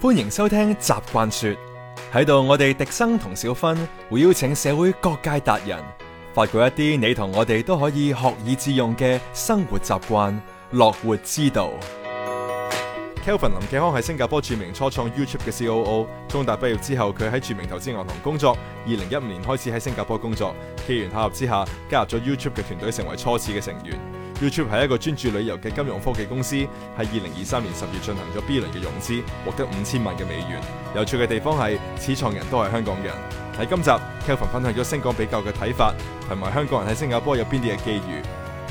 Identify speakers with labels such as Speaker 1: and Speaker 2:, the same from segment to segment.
Speaker 1: 歡迎收聽習慣說，喺度我哋迪生同小芬會邀請社會各界達人，發掘一啲你同我哋都可以學以致用嘅生活習慣、樂活之道。Kelvin 林敬康係新加坡著名初創 Youtrip 嘅 COO，中大畢業之後佢喺著名投資銀行工作，二零一五年開始喺新加坡工作，機緣巧合之下加入咗 Youtrip 嘅團隊，成為初始嘅成員。Youtrip 係一個專注旅遊嘅金融科技公司，喺二零二三年十月進行咗 B 輪嘅融資，獲得五千萬嘅美元。有趣嘅地方係，始創人都係香港人。喺今集，Kelvin 分享咗星港比較嘅睇法，同埋香港人喺新加坡有邊啲嘅機遇。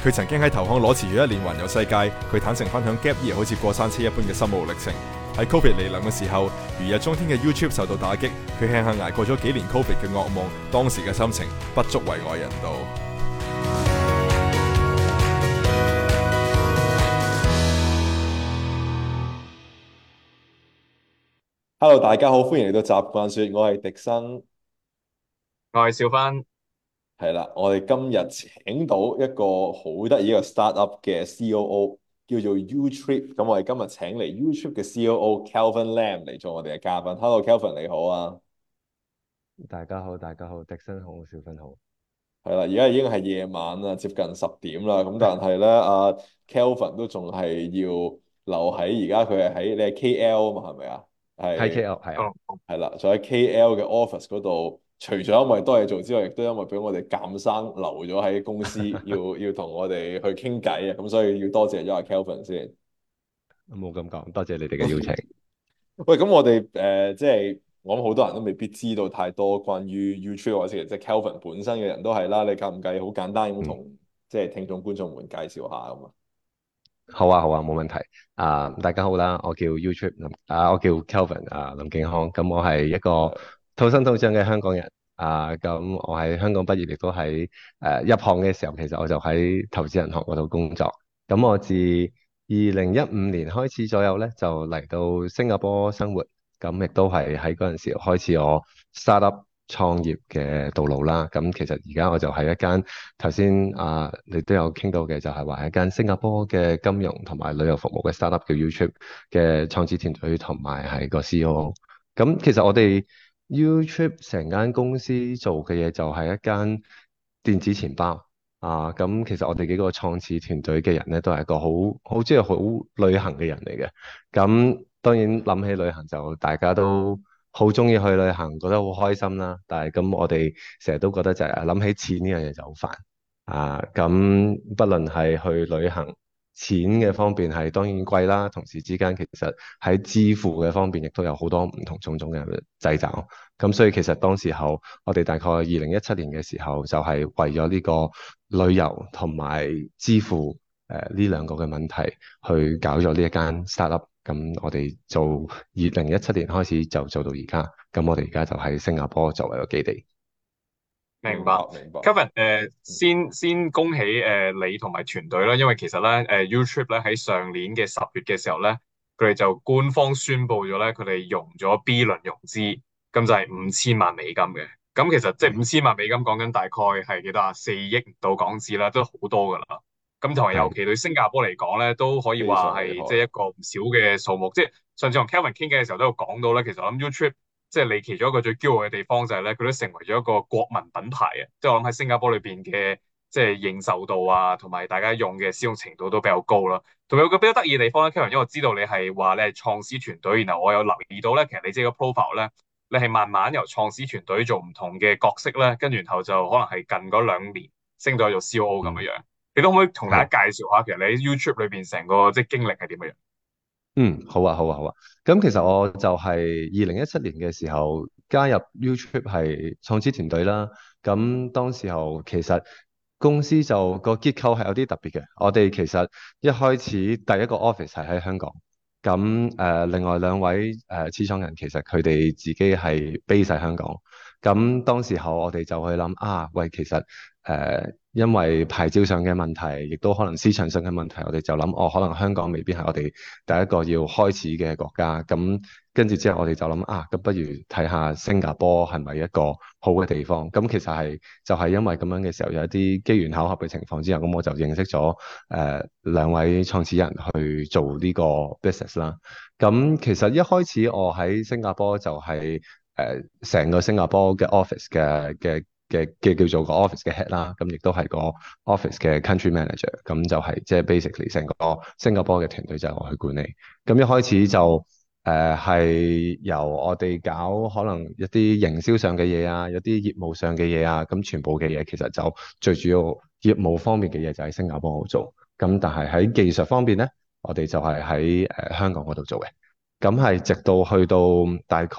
Speaker 1: 佢曾經喺投行裸辭咗一年環遊世界。佢坦誠分享 Gap year 好似過山車一般嘅心路歷程。喺 Covid 嚟臨嘅時候，如日中天嘅 Youtrip 受到打擊，佢慶幸捱過咗幾年 Covid 嘅噩夢。當時嘅心情不足為外人道。hello，大家好，歡迎嚟到習慣說，我係迪生，
Speaker 2: 我係小芬，
Speaker 1: 係啦，我哋今日請到一個好得意嘅 startup 嘅 COO，叫做 YouTrip 咁我哋今日請嚟 YouTrip 嘅 COO Kelvin Lam 嚟做我哋嘅嘉賓。hello，Kelvin 你好啊，大家好，大家好，迪
Speaker 3: 生好，小芬好，
Speaker 1: 係啦，而家已經係夜晚啦，接近十點啦，咁的但係咧，阿、啊、Kelvin 都仲係要留喺而家，佢係喺你係 KL 啊嘛，係咪啊？係是 K, K L 係啊，係啦，就喺 K L 嘅 office 嗰度，除咗因為多嘢做之外，亦都因為俾我哋監生留咗喺公司， 要要同我哋去傾偈啊，咁所以要多謝咗阿 Kelvin 先。冇咁講，多謝你哋嘅邀請。 喂，咁我哋誒、呃，即係我諗好多人都未必知道太多關於 Youtrip 或者即係 Kelvin 本身嘅人都係啦，你介唔介意好簡單咁同即係聽眾觀眾們介紹下咁啊？
Speaker 3: 好啊，好啊，冇問題。啊、uh,，大家好啦，我叫 YouTrip，啊，我叫 Kelvin，啊，林敬康。咁、嗯、我係一個土生土長嘅香港人。啊，咁、嗯、我喺香港畢業，亦都喺誒入行嘅時候，其實我就喺投資銀行嗰度工作。咁、嗯、我自二零一五年開始左右咧，就嚟到新加坡生活。咁、嗯、亦都係喺嗰陣時開始我 startup。創業嘅道路啦，咁其實而家我就係一間頭先啊，你都有傾到嘅，就係話一間新加坡嘅金融同埋旅遊服務嘅 startup 叫 YouTrip 嘅創始團隊同埋係個 COO。咁其實我哋 YouTrip 成間公司做嘅嘢就係一間電子錢包啊。咁其實我哋幾個創始團隊嘅人咧，都係一個好好中意好旅行嘅人嚟嘅。咁當然諗起旅行就大家都～好鍾意去旅行，覺得好開心啦。但係咁，我哋成日都覺得就係諗起錢呢樣嘢就好煩啊。咁，不論係去旅行，錢嘅方面係當然貴啦。同事之間其實喺支付嘅方面亦都有好多唔同種種嘅掣肘。咁所以其實當時候，我哋大概二零一七年嘅時候，就係為咗呢個旅遊同埋支付誒呢、呃、兩個嘅問題，去搞咗呢一間 startup。咁我哋做二零一七年開始就做到而家，咁我哋而家就喺新加坡作為一個基地。
Speaker 2: 明白，明白。Kelvin、呃嗯、先先恭喜誒、呃、你同埋團隊啦，因為其實咧誒、呃、Youtrip 咧喺上年嘅十月嘅時候咧，佢哋就官方宣布咗咧，佢哋融咗 B 輪融資，咁就係五千萬美金嘅。咁其實即係五千萬美金講緊大概係幾多啊？四億到港紙啦，都好多㗎啦。咁同埋，尤其對新加坡嚟講咧，都可以話係即係一個唔少嘅數目。 即係上次同 Kelvin 傾偈嘅時候，都有講到咧。其實我諗 YouTrip 即係你其中一個最驕傲嘅地方就係、是、咧，佢都成為咗一個國民品牌啊。即係我諗喺新加坡裏邊嘅即係認受度啊，同埋大家用嘅使用程度都比較高啦。同埋有一個比較得意嘅地方咧，Kelvin， 因為我知道你係話你係創始團隊，然後我有留意到咧，其實你即係個 profile 咧，你係慢慢由創始團隊做唔同嘅角色咧，跟住然後就可能係近嗰兩年升到做 C.O.O 咁樣樣。 你可唔可以同大家介紹下，其實你喺 Youtrip 裏邊成個即係經歷係點樣？
Speaker 3: 嗯，好啊，好啊，好啊。咁其實我就係二零一七年嘅時候加入 Youtrip 係創始團隊啦。咁當時候其實公司就個結構係有啲特別嘅。我哋其實一開始第一個 office 係喺香港。咁誒、呃，另外兩位誒始創人其實佢哋自己係 base 喺香港。咁當時候我哋就去諗啊，喂，其實。誒，因為牌照上嘅問題，亦都可能市場上嘅問題，我哋就諗，哦，可能香港未必係我哋第一個要開始嘅國家。咁跟住之後，我哋就諗，啊，咁不如睇下新加坡係咪一個好嘅地方？咁其實係就係、是、因為咁樣嘅時候，有一啲機緣巧合嘅情況之下，咁我就認識咗誒兩位創始人去做呢個 business 啦。咁其實一開始我喺新加坡就係誒成個新加坡嘅 office 嘅嘅。嘅嘅叫做個 office 嘅 head 啦、啊，咁亦都係個 office 嘅 country manager，咁、啊、就係即係 basically 成個新加坡嘅團隊就係我去管理。咁、啊、一開始就誒係、呃、由我哋搞可能一啲營銷上嘅嘢啊，一啲業務上嘅嘢啊，咁、啊、全部嘅嘢其實就最主要業務方面嘅嘢就喺新加坡度做。咁、啊、但係喺技術方面咧，我哋就係喺誒香港嗰度做嘅。咁、啊、係直到去到大概。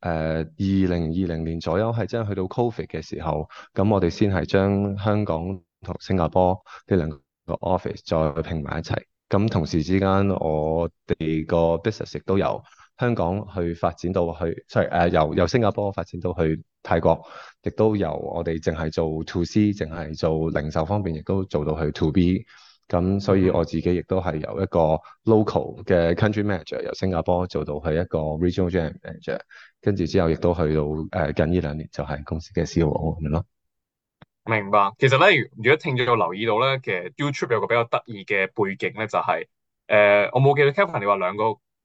Speaker 3: 誒，二零二零年左右係真係去到 Covid 嘅時候，咁我哋先係將香港同新加坡呢兩個 office 再拼埋一齊。咁同時之間，我哋個 business 亦都由香港去發展到去，即係誒由由新加坡發展到去泰國，亦都由我哋淨係做 To C，淨係做零售方面，亦都做到去 To B。咁所以我自己亦都係由一個 local 嘅 country manager 由新加坡做到係一個 regional general manager，跟住之後亦都去到誒、呃、近呢兩年就係公司嘅 COO 咁樣咯。
Speaker 2: 明白，其實咧，如果聽咗有留意到咧，其實 Youtrip 有個比較得意嘅背景咧，就係、是、誒、呃、我冇記錯，Kelvin 你話兩個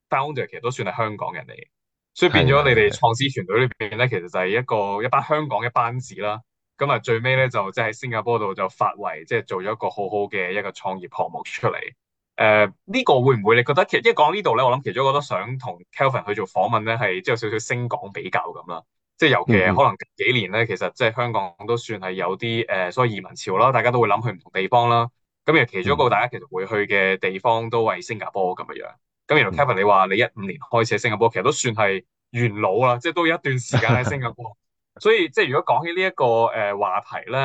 Speaker 2: founder 其實都算係香港人嚟，嘅，所以變咗你哋創始團隊裏邊咧，的其實就係一個一班香港嘅班子啦。咁啊，最尾咧就即係喺新加坡度就發圍，即、就、係、是、做咗一個好好嘅一個創業項目出嚟。誒、呃，呢、這個會唔會你覺得其實即講呢度咧？我諗其中一個我都想同 Kelvin 去做訪問咧，係即係有少少星港比較咁啦。即係尤其係可能幾年咧，嗯、其實即係香港都算係有啲誒、呃，所謂移民潮啦，大家都會諗去唔同地方啦。咁而其中一個大家其實會去嘅地方都係新加坡咁樣樣。咁而 Kelvin 你話你一五年開始喺新加坡，其實都算係元老啦，即係都有一段時間喺新加坡。 所以即係如果講起呢、這、一個誒、呃、話題咧，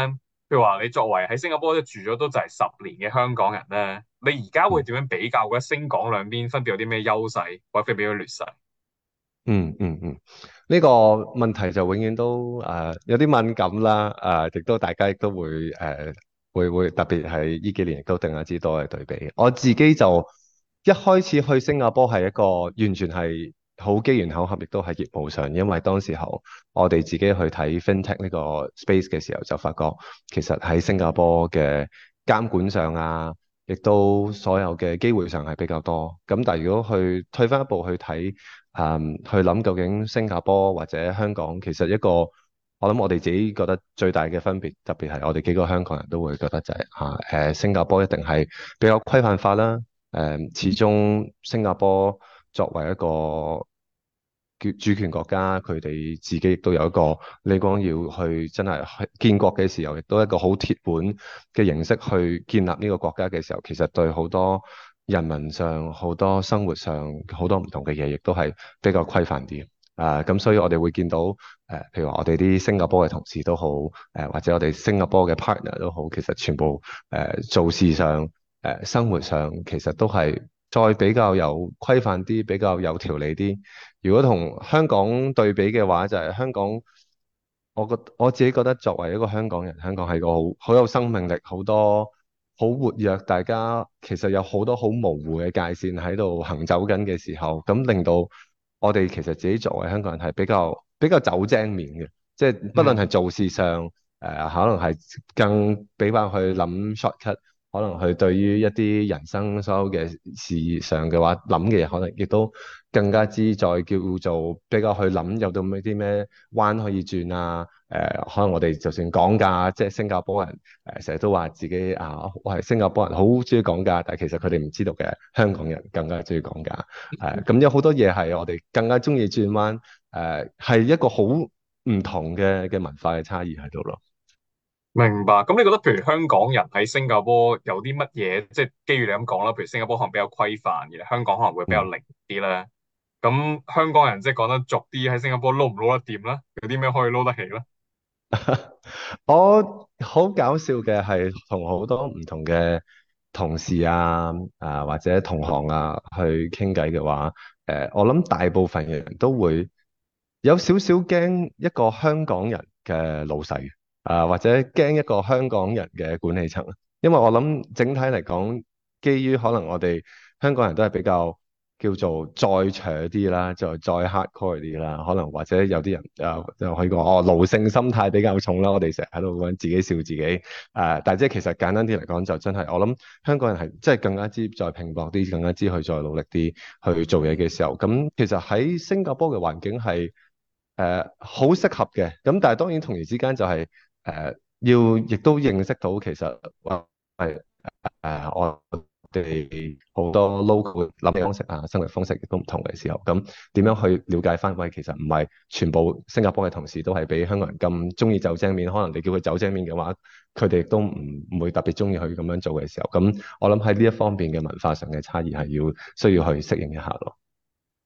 Speaker 2: 譬如話你作為喺新加坡都住咗都就係十年嘅香港人咧，你而家會點樣比較？覺得星港兩邊分別有啲咩優勢，或者分別有劣勢、嗯？
Speaker 3: 嗯嗯嗯，呢、這個問題就永遠都誒、呃、有啲敏感啦，誒、呃、亦都大家亦都會誒、呃、會會特別係呢幾年亦都定下啲多嘅對比。我自己就一開始去新加坡係一個完全係。好機緣巧合，亦都喺業務上，因為當時候我哋自己去睇 FinTech 呢個 space 嘅時候，就發覺其實喺新加坡嘅監管上啊，亦都所有嘅機會上係比較多。咁但係如果去退返一步去睇，誒、嗯、去諗究竟新加坡或者香港，其實一個我諗我哋自己覺得最大嘅分別，特別係我哋幾個香港人都會覺得就係吓誒新加坡一定係比較規範化啦。誒、嗯、始終新加坡。作為一個主權國家，佢哋自己亦都有一個，李光耀要去真係建國嘅時候，亦都一個好鐵本嘅形式去建立呢個國家嘅時候，其實對好多人民上、好多生活上、好多唔同嘅嘢，亦都係比較規範啲。啊，咁所以我哋會見到，誒、呃，譬如話我哋啲新加坡嘅同事都好，誒、呃，或者我哋新加坡嘅 partner 都好，其實全部誒、呃、做事上、誒、呃、生活上，其實都係。再比較有規範啲，比較有條理啲。如果同香港對比嘅話，就係、是、香港，我覺我自己覺得作為一個香港人，香港係一個好好有生命力，好多好活躍，大家其實有好多好模糊嘅界線喺度行走緊嘅時候，咁令到我哋其實自己作為香港人係比較比較走精面嘅，即、就、係、是、不論係做事上，誒、嗯呃、可能係更俾翻去諗 shortcut。可能佢對於一啲人生所有嘅事業上嘅話，諗嘅可能亦都更加之再叫做比較去諗有到咩啲咩彎可以轉啊。誒、呃，可能我哋就算講價，即係新加坡人誒成日都話自己啊，我係新加坡人好中意講價，但係其實佢哋唔知道嘅，香港人更加中意講價。誒、呃，咁有好多嘢係我哋更加中意轉彎。誒、呃，係一個好唔同嘅嘅文化嘅差異喺度咯。
Speaker 2: 明白，咁你覺得譬如香港人喺新加坡有啲乜嘢即係機遇？你咁講啦，譬如新加坡可能比較規範，而香港可能會比較靈啲咧。咁、嗯、香港人即係講得俗啲，喺新加坡撈唔撈得掂咧？有啲咩可以撈得起咧？
Speaker 3: 我好搞笑嘅係，同好多唔同嘅同事啊啊或者同行啊去傾偈嘅話，誒、呃，我諗大部分嘅人都會有少少驚一個香港人嘅老細。啊，或者驚一個香港人嘅管理層，因為我諗整體嚟講，基於可能我哋香港人都係比較叫做再鋤啲啦，就再，再 hard core 啲啦，可能或者有啲人啊、呃、就可以講哦，奴性心態比較重啦。我哋成日喺度講自己笑自己啊、呃，但係即係其實簡單啲嚟講，就真係我諗香港人係即係更加之再拼搏啲，更加之去再努力啲去做嘢嘅時候，咁、嗯、其實喺新加坡嘅環境係誒好適合嘅。咁、嗯、但係當然同時之間就係、是。誒、呃，要亦都認識到其實係誒、呃呃，我哋好多 local 諗嘅方式啊，生活方式亦都唔同嘅時候，咁點樣去了解返？喂，其實唔係全部新加坡嘅同事都係比香港人咁中意走精面，可能你叫佢走精面嘅話，佢哋亦都唔唔會特別中意去咁樣做嘅時候。咁我諗喺呢一方面嘅文化上嘅差異係要需要去適應一下咯。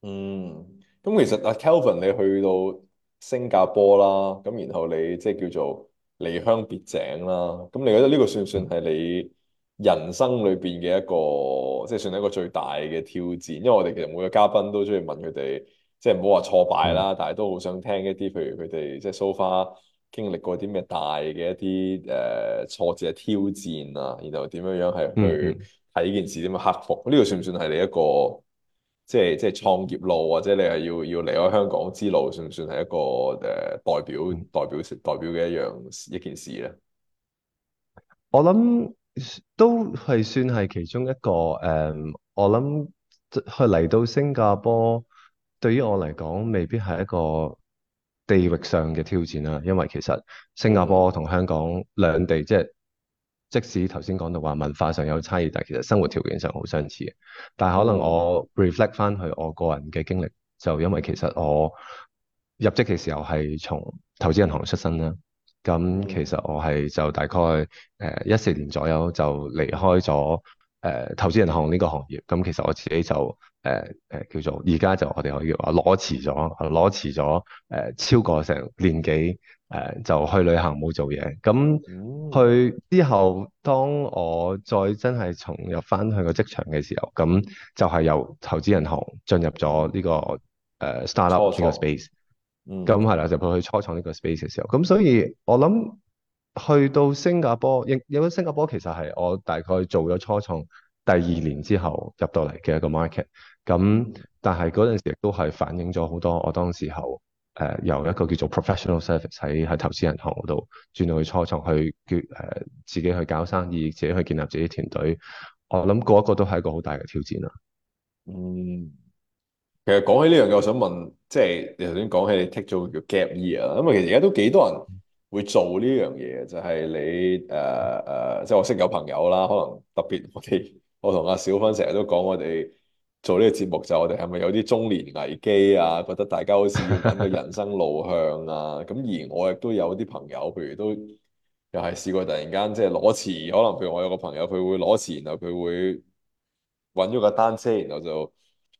Speaker 3: 嗯，
Speaker 1: 咁其實阿 Kelvin 你去到新加坡啦，咁然後你即係叫做。離鄉別井啦，咁你覺得呢個算唔算係你人生裏邊嘅一個，即係算係一個最大嘅挑戰？因為我哋其實每個嘉賓都鍾意問佢哋，即係唔好話挫敗啦，嗯、但係都好想聽一啲，譬如佢哋即係 so far 經歷過啲咩大嘅一啲呃挫折嘅挑戰啊，然後點樣樣係去睇呢件事點樣克服？呢個算唔算係你一個？即係即係創業路，或者你係要要離開香港之路，算唔算係一個誒代表代表代表嘅一樣一件事咧？
Speaker 3: 我諗都係算係其中一個誒、嗯，我諗去嚟到新加坡，對於我嚟講，未必係一個地域上嘅挑戰啦，因為其實新加坡同香港兩地即係。就是即使頭先講到話文化上有差異，但係其實生活條件上好相似嘅。但係可能我 reflect 翻去我個人嘅經歷，就因為其實我入職嘅時候係從投資銀行出身啦。咁其實我係就大概誒一四年左右就離開咗誒、呃、投資銀行呢個行業。咁其實我自己就誒誒、呃呃、叫做而家就我哋可以話裸辭咗，裸辭咗誒超過成年幾。誒、uh, 就去旅行冇做嘢，咁去之後，當我再真係重入返去個職場嘅時候，咁就係由投資銀行進入咗呢、這個誒、uh, startup 呢初個 space，咁係啦，就去初創呢個 space 嘅時候，咁所以我諗去到新加坡，因因為新加坡其實係我大概做咗初創第二年之後入到嚟嘅一個 market，咁但係嗰陣時亦都係反映咗好多我當時候。誒、呃，由一個叫做 professional service 喺喺投資銀行嗰度，轉到去初創去，叫、呃、誒自己去搞生意，自己去建立自己團隊。我諗嗰一個都係一個好大嘅挑戰啦。嗯，
Speaker 1: 其實講起呢樣嘢，我想問，即係你頭先講起你 take 做叫 gap year 啦，咁啊其實而家都幾多人會做呢樣嘢？就係、是、你誒誒，uh, uh, 即係我識有朋友啦，可能特別我哋，我同阿小芬成日都講我哋。做呢個節目就我哋係咪有啲中年危機啊？覺得大家好似揾個人生路向啊。咁而我亦都有啲朋友，譬如都又係試過突然間即係裸辭，可能譬如我有個朋友，佢會裸辭，然後佢會揾咗個單車，然後就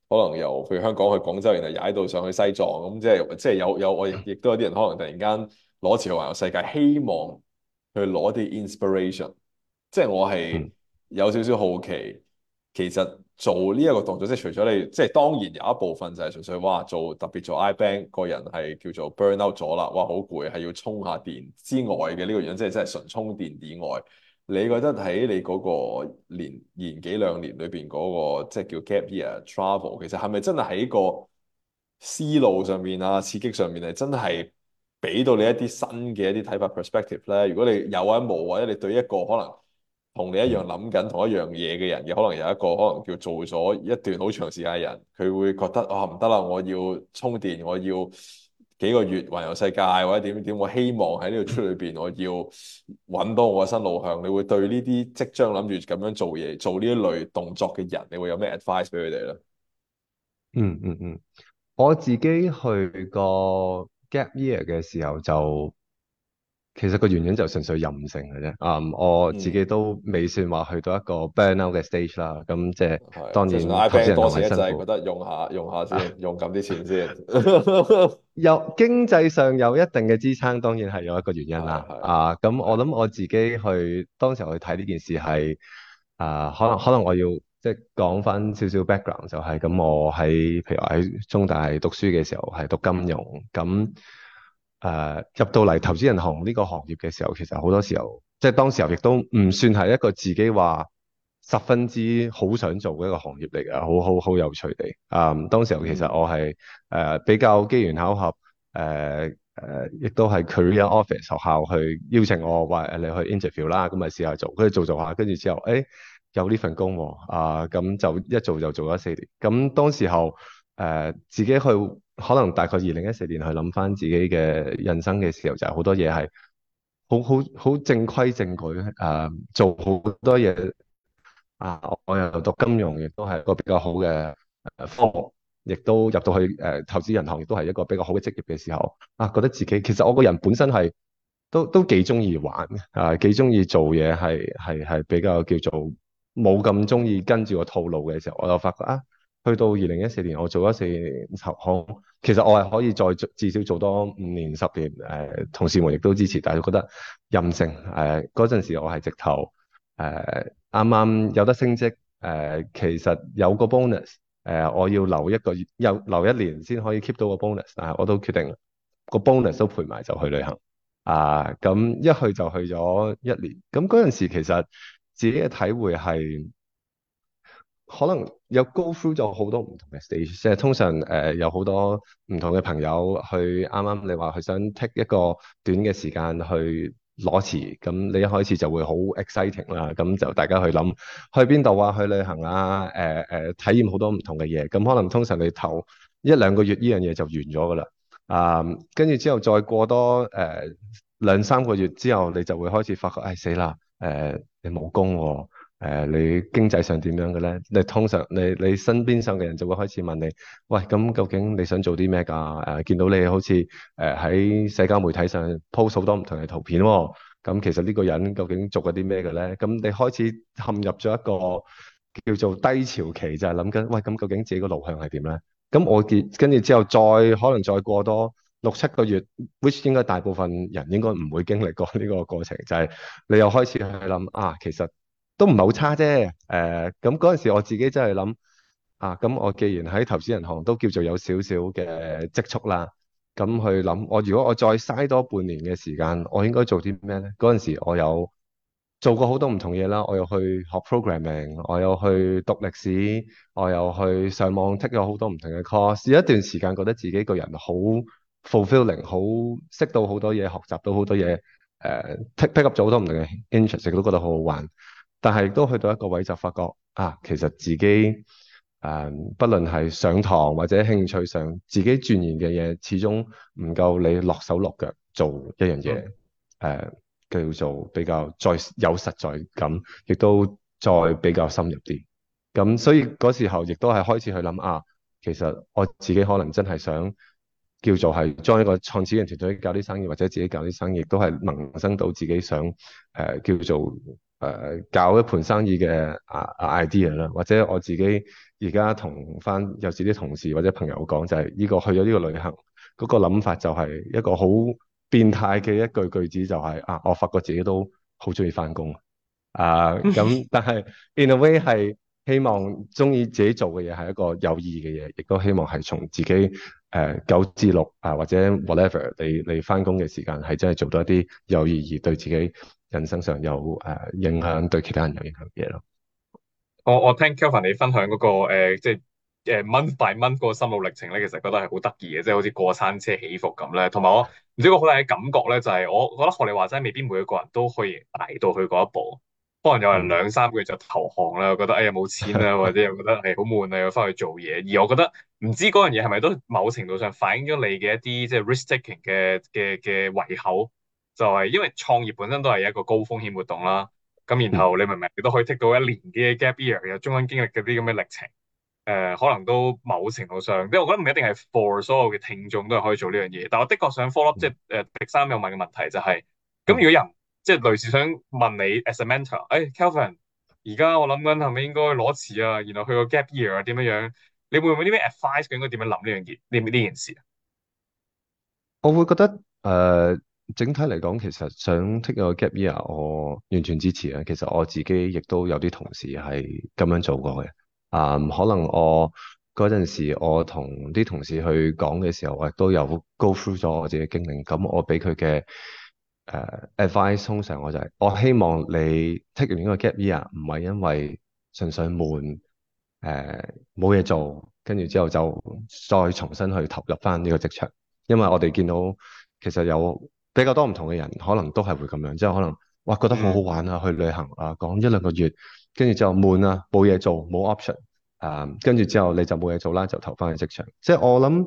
Speaker 1: 可能由去香港去廣州，然後踩到上去西藏咁，即係即係有有我亦都有啲人可能突然間裸辭去環遊世界，希望去攞啲 inspiration。即係我係有少少好奇。其實做呢一個動作，即係除咗你，即係當然有一部分就係純粹哇做特別做 I bank 個人係叫做 burn out 咗啦，哇好攰，係要充下電之外嘅呢個樣，即係即係純充電以外，你覺得喺你嗰個年年幾兩年裏邊嗰個即係叫 gap year travel，其實係咪真係喺個思路上面啊，刺激上面係真係俾到你一啲新嘅一啲睇法 perspective 咧？如果你有啊冇，或者你對一個可能？同你一樣諗緊同一樣嘢嘅人嘅，可能有一個可能叫做咗一段好長時間嘅人，佢會覺得啊唔得啦，我要充電，我要幾個月環遊世界或者點點，我希望喺呢個出裏邊我要揾到我嘅新路向。你會對呢啲即將諗住咁樣做嘢做呢一類動作嘅人，你會有咩 advice 俾佢哋咧？嗯嗯嗯，
Speaker 3: 我自己去個 gap year 嘅時候就。其實個原因就純粹任性嘅啫，啊、um,，我自己都未算話去到一個 burn out 嘅 stage 啦，咁、嗯、即係當然啦，先我寫覺
Speaker 1: 得用下用下先，用咁啲、啊、錢先
Speaker 3: 有經濟上有一定嘅支撐，當然係有一個原因啦。啊，咁我諗我自己去當時去睇呢件事係，啊，可能可能我要即係講翻少少 background 就係、是，咁我喺譬如話喺中大讀書嘅時候係讀金融咁。嗯誒、uh, 入到嚟投資銀行呢個行業嘅時候，其實好多時候，即係當時候亦都唔算係一個自己話十分之好想做嘅一個行業嚟嘅，好好好有趣嘅，啊、um,，當時候其實我係誒、uh, 比較機緣巧合，誒誒，亦都係佢嘅 office 學校去邀請我話誒、哎、你去 interview 啦，咁咪試下做，佢做一做下，跟住之後誒、哎、有呢份工喎、啊，啊咁就一做就做咗四年。咁、嗯、當時候。誒、呃、自己去可能大概二零一四年去諗翻自己嘅人生嘅時候，就係、是、好多嘢係好好好正規正矩誒、呃，做好多嘢啊！我又讀金融，亦都係個比較好嘅科目，亦都入到去誒投資銀行，亦都係一個比較好嘅、呃、職業嘅時候啊！覺得自己其實我個人本身係都都幾中意玩啊，幾中意做嘢係係係比較叫做冇咁中意跟住個套路嘅時候，我就發覺啊～去到二零一四年，我做咗四年，其實我係可以再做至少做多五年十年。誒、呃，同事們亦都支持，但係覺得任性。誒、呃，嗰陣時我係直頭。誒、呃，啱啱有得升職。誒、呃，其實有個 bonus、呃。誒，我要留一個月，有留一年先可以 keep 到個 bonus。但係我都決定個 bonus 都賠埋就去旅行。啊、呃，咁一去就去咗一年。咁嗰陣時其實自己嘅體會係。可能有 go through 咗好多唔同嘅 stage，即係通常誒、呃、有好多唔同嘅朋友去啱啱你話佢想 take 一個短嘅時間去攞錢，咁你一開始就會好 exciting 啦，咁就大家去諗去邊度啊，去旅行啊，誒、呃、誒、呃、體驗好多唔同嘅嘢，咁可能通常你頭一兩個月呢樣嘢就完咗㗎啦，啊、呃，跟住之後再過多誒、呃、兩三個月之後，你就會開始發覺誒死啦，誒、哎呃、你冇工喎、啊。誒、呃，你經濟上點樣嘅咧？你通常你你身邊上嘅人就會開始問你，喂，咁究竟你想做啲咩㗎？誒、呃，見到你好似誒喺社交媒體上 post 咗好多唔同嘅圖片喎、哦，咁其實呢個人究竟做過啲咩嘅咧？咁你開始陷入咗一個叫做低潮期，就係諗緊，喂，咁究竟自己個路向係點咧？咁我結跟住之後再，再可能再過多六七個月，which 應該大部分人應該唔會經歷過呢個過程，就係、是、你又開始去諗啊，其實。都唔係好差啫。誒咁嗰陣時，我自己真係諗啊。咁我既然喺投資銀行都叫做有少少嘅積蓄啦，咁去諗我如果我再嘥多半年嘅時間，我應該做啲咩咧？嗰陣時我有做過好多唔同嘢啦。我又去學 programming，我又去讀歷史，我又去上網 take 咗好多唔同嘅 course。試一段時間覺得自己個人好 fulfilling，好識到好多嘢，學習到好多嘢。誒 pick up 咗好多唔同嘅 interest，都覺得好好玩。但係都去到一個位就發覺啊，其實自己誒、呃，不論係上堂或者興趣上，自己鑽研嘅嘢，始終唔夠你落手落腳做一樣嘢，誒、嗯呃、叫做比較再有實在感，亦都再比較深入啲。咁所以嗰時候亦都係開始去諗啊，其實我自己可能真係想叫做係將一個創始人，團隊搞啲生意或者自己搞啲生意，都係萌生到自己想誒、呃、叫做。誒、啊、搞一盤生意嘅啊啊 idea 啦，ide a，或者我自己而家同返有時啲同事或者朋友講，就係呢個去咗呢個旅行嗰、那個諗法，就係一個好變態嘅一句句子，就係啊，我發覺自己都好鍾意返工啊。咁但係 in a way 係希望鍾意自己做嘅嘢係一個有意嘅嘢，亦都希望係從自己。誒九至六啊，uh, 6, uh, 或者 whatever，你你翻工嘅時間係真係做多一啲有意義，對自己人生上有誒、uh, 影響對其他人有影響嘅嘢咯。
Speaker 2: 我我聽 Kelvin 你分享嗰、那個即係誒 month by month 個心路歷程咧，其實覺得係、就是、好得意嘅，即係好似過山車起伏咁咧。同埋我唔知個好大嘅感覺咧，就係、是、我覺得學你話齋，未必每一個人都可以捱到去嗰一步。可能有人兩三個月就投降啦，覺得哎呀冇錢啦，或者又覺得誒好悶啊，要翻去做嘢。而我覺得唔知嗰樣嘢係咪都某程度上反映咗你嘅一啲即係、就是、risk-taking 嘅嘅嘅胃口，就係、是、因為創業本身都係一個高風險活動啦。咁然後你明唔明？你都可以 take 到一年嘅 gap year，嘅中間經歷嗰啲咁嘅歷程。誒、呃，可能都某程度上，即係我覺得唔一定係 for 所有嘅聽眾都係可以做呢樣嘢。但我的確想 follow up 即係誒第三有問嘅問題就係、是，咁如果人？即係類似想問你 as a mentor，誒、哎、Kelvin，而家我諗緊係咪應該裸辭啊，然後去個 gap year 啊，點樣樣？你會唔會啲咩 advice 佢應該點樣諗呢樣嘢？你唔會呢件事啊？
Speaker 3: 我會覺得誒、呃，整體嚟講，其實想 take 個 gap year，我完全支持啊。其實我自己亦都有啲同事係咁樣做過嘅。啊、呃，可能我嗰陣時我同啲同事去講嘅時候，我亦都有 go through 咗我自己嘅經歷，咁我俾佢嘅。誒，uh，advice 通常我就係，我希望你 take 完呢個 gap year，唔係因為純粹悶誒冇嘢做，跟住之後就再重新去投入翻呢個職場。因為我哋見到其實有比較多唔同嘅人，可能都係會咁樣，即係可能哇覺得好好玩啊，去旅行啊，講一兩個月，跟住之後悶啊，冇嘢做，冇 option 啊，uh，跟住之後你就冇嘢做啦，就投翻去職場。即係我諗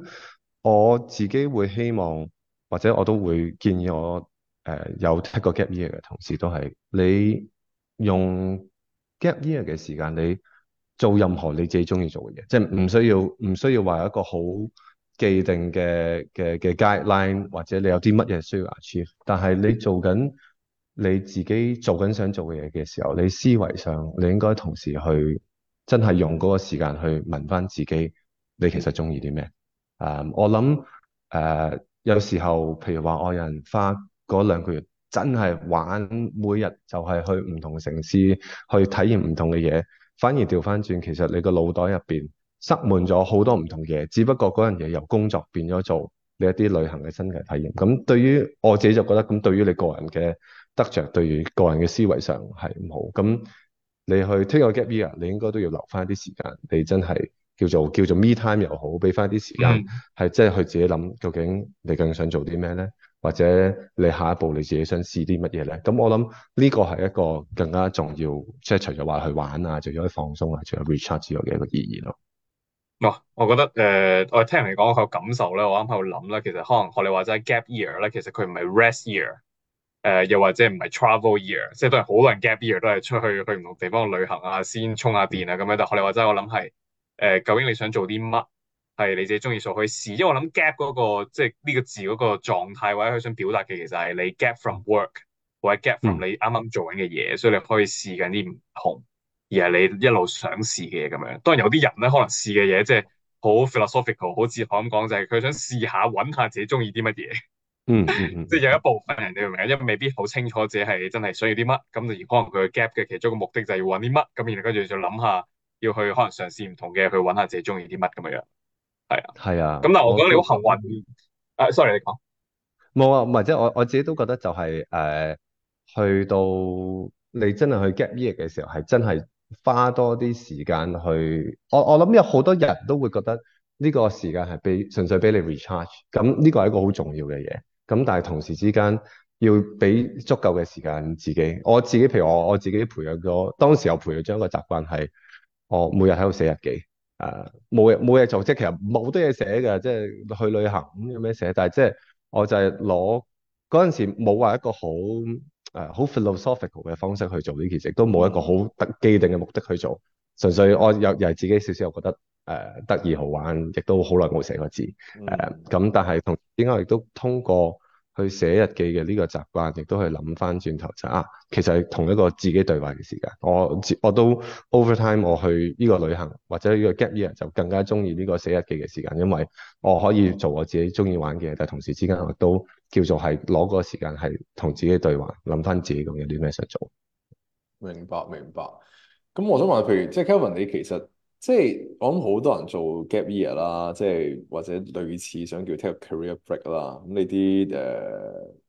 Speaker 3: 我自己會希望，或者我都會建議我。誒、呃、有一個 gap year 嘅同時都係，你用 gap year 嘅時間，你做任何你自己中意做嘅嘢，即係唔需要唔需要話一個好既定嘅嘅嘅 guideline，或者你有啲乜嘢需要 achieve，但係你做緊你自己做緊想做嘅嘢嘅時候，你思維上你應該同時去真係用嗰個時間去問翻自己，你其實中意啲咩？嗯、呃，我諗誒、呃、有時候譬如話愛人花。嗰兩個月真係玩，每日就係去唔同城市去體驗唔同嘅嘢，反而調翻轉，其實你個腦袋入邊塞滿咗好多唔同嘢，只不過嗰樣嘢由工作變咗做你一啲旅行嘅新嘅體驗。咁對於我自己就覺得，咁對於你個人嘅得着，對於個人嘅思維上係唔好。咁你去 take a gap year，你應該都要留翻一啲時間，你真係叫做叫做 me time 又好，俾翻一啲時間，係、嗯、即係去自己諗，究竟你更想做啲咩咧？或者你下一步你自己想試啲乜嘢咧？咁我諗呢個係一個更加重要，即係除咗話去玩啊，除咗放鬆啊，除咗 recharge 之外嘅一個意義咯。
Speaker 2: 哇、哦！我覺得誒、呃，我聽人哋講佢個感受咧，我啱喺度諗咧，其實可能學你話齋 gap year 咧，其實佢唔係 rest year，誒、呃、又或者唔係 travel year，即係都係好多人 gap year 都係出去去唔同地方旅行啊，先充下電啊咁樣。就學你話齋，我諗係誒究竟你想做啲乜？係你自己中意嘅，可以試。因為我諗 gap 嗰、嗰個即係呢個字嗰個狀態，或者佢想表達嘅其實係你 gap from work，或者 gap from 你啱啱做緊嘅嘢，嗯、所以你可以試緊啲唔同，而係你一路想試嘅嘢咁樣。當然有啲人咧，可能試嘅嘢即係好 philosophical，好似我咁講就係、係、佢、就係、想試下揾下自己中意啲乜嘢。即係、嗯嗯嗯、 有一部分人你明啊，因為未必好清楚自己係真係需要啲乜，咁而可能佢嘅 gap 嘅其中個目的就係要揾啲乜，咁然後跟住就諗下要去可能嘗試唔同嘅去揾下自己中意啲乜咁嘅樣。
Speaker 3: 係啊，係啊。咁但
Speaker 2: 係我覺
Speaker 3: 得你好幸運。誒我、uh,，sorry 你講，冇啊，唔係即係我我自己都覺得就係、是、誒、呃，去到你真係去 gap year 嘅時候，係真係花多啲時間去。我我諗有好多人都會覺得呢個時間係俾純粹俾你 recharge。咁呢個係一個好重要嘅嘢。咁但係同時之間要俾足夠嘅時間自己。我自己譬如我我自己培養咗，當時我培養咗一個習慣係，我每日喺度寫日記。誒，冇嘢、冇嘢做，即係其實冇得嘢寫嘅，即係去旅行咁有咩寫？但係即係我就係攞嗰陣時冇話一個好誒、好、呃、philosophical 嘅方式去做呢件事，都冇一個好特既定嘅目的去做，純粹我又又係自己少少，我覺得誒、呃、得意好玩，亦都好耐冇寫過字誒，咁、呃、但係同點解亦都通過？去寫日記嘅呢個習慣，亦都係諗翻轉頭就是、啊，其實係同一個自己對話嘅時間。我我都 over time 我去呢個旅行或者呢個 gap year 就更加中意呢個寫日記嘅時間，因為我可以做我自己中意玩嘅嘢，但係同時之間我都叫做係攞嗰個時間係同自己對話，諗翻自己咁樣啲咩想做。
Speaker 1: 明白明白。咁我想問，譬如即係 Kelvin 你其實。即係我諗好多人做 gap year 啦，即係或者類似想叫 take career break 啦。咁呢啲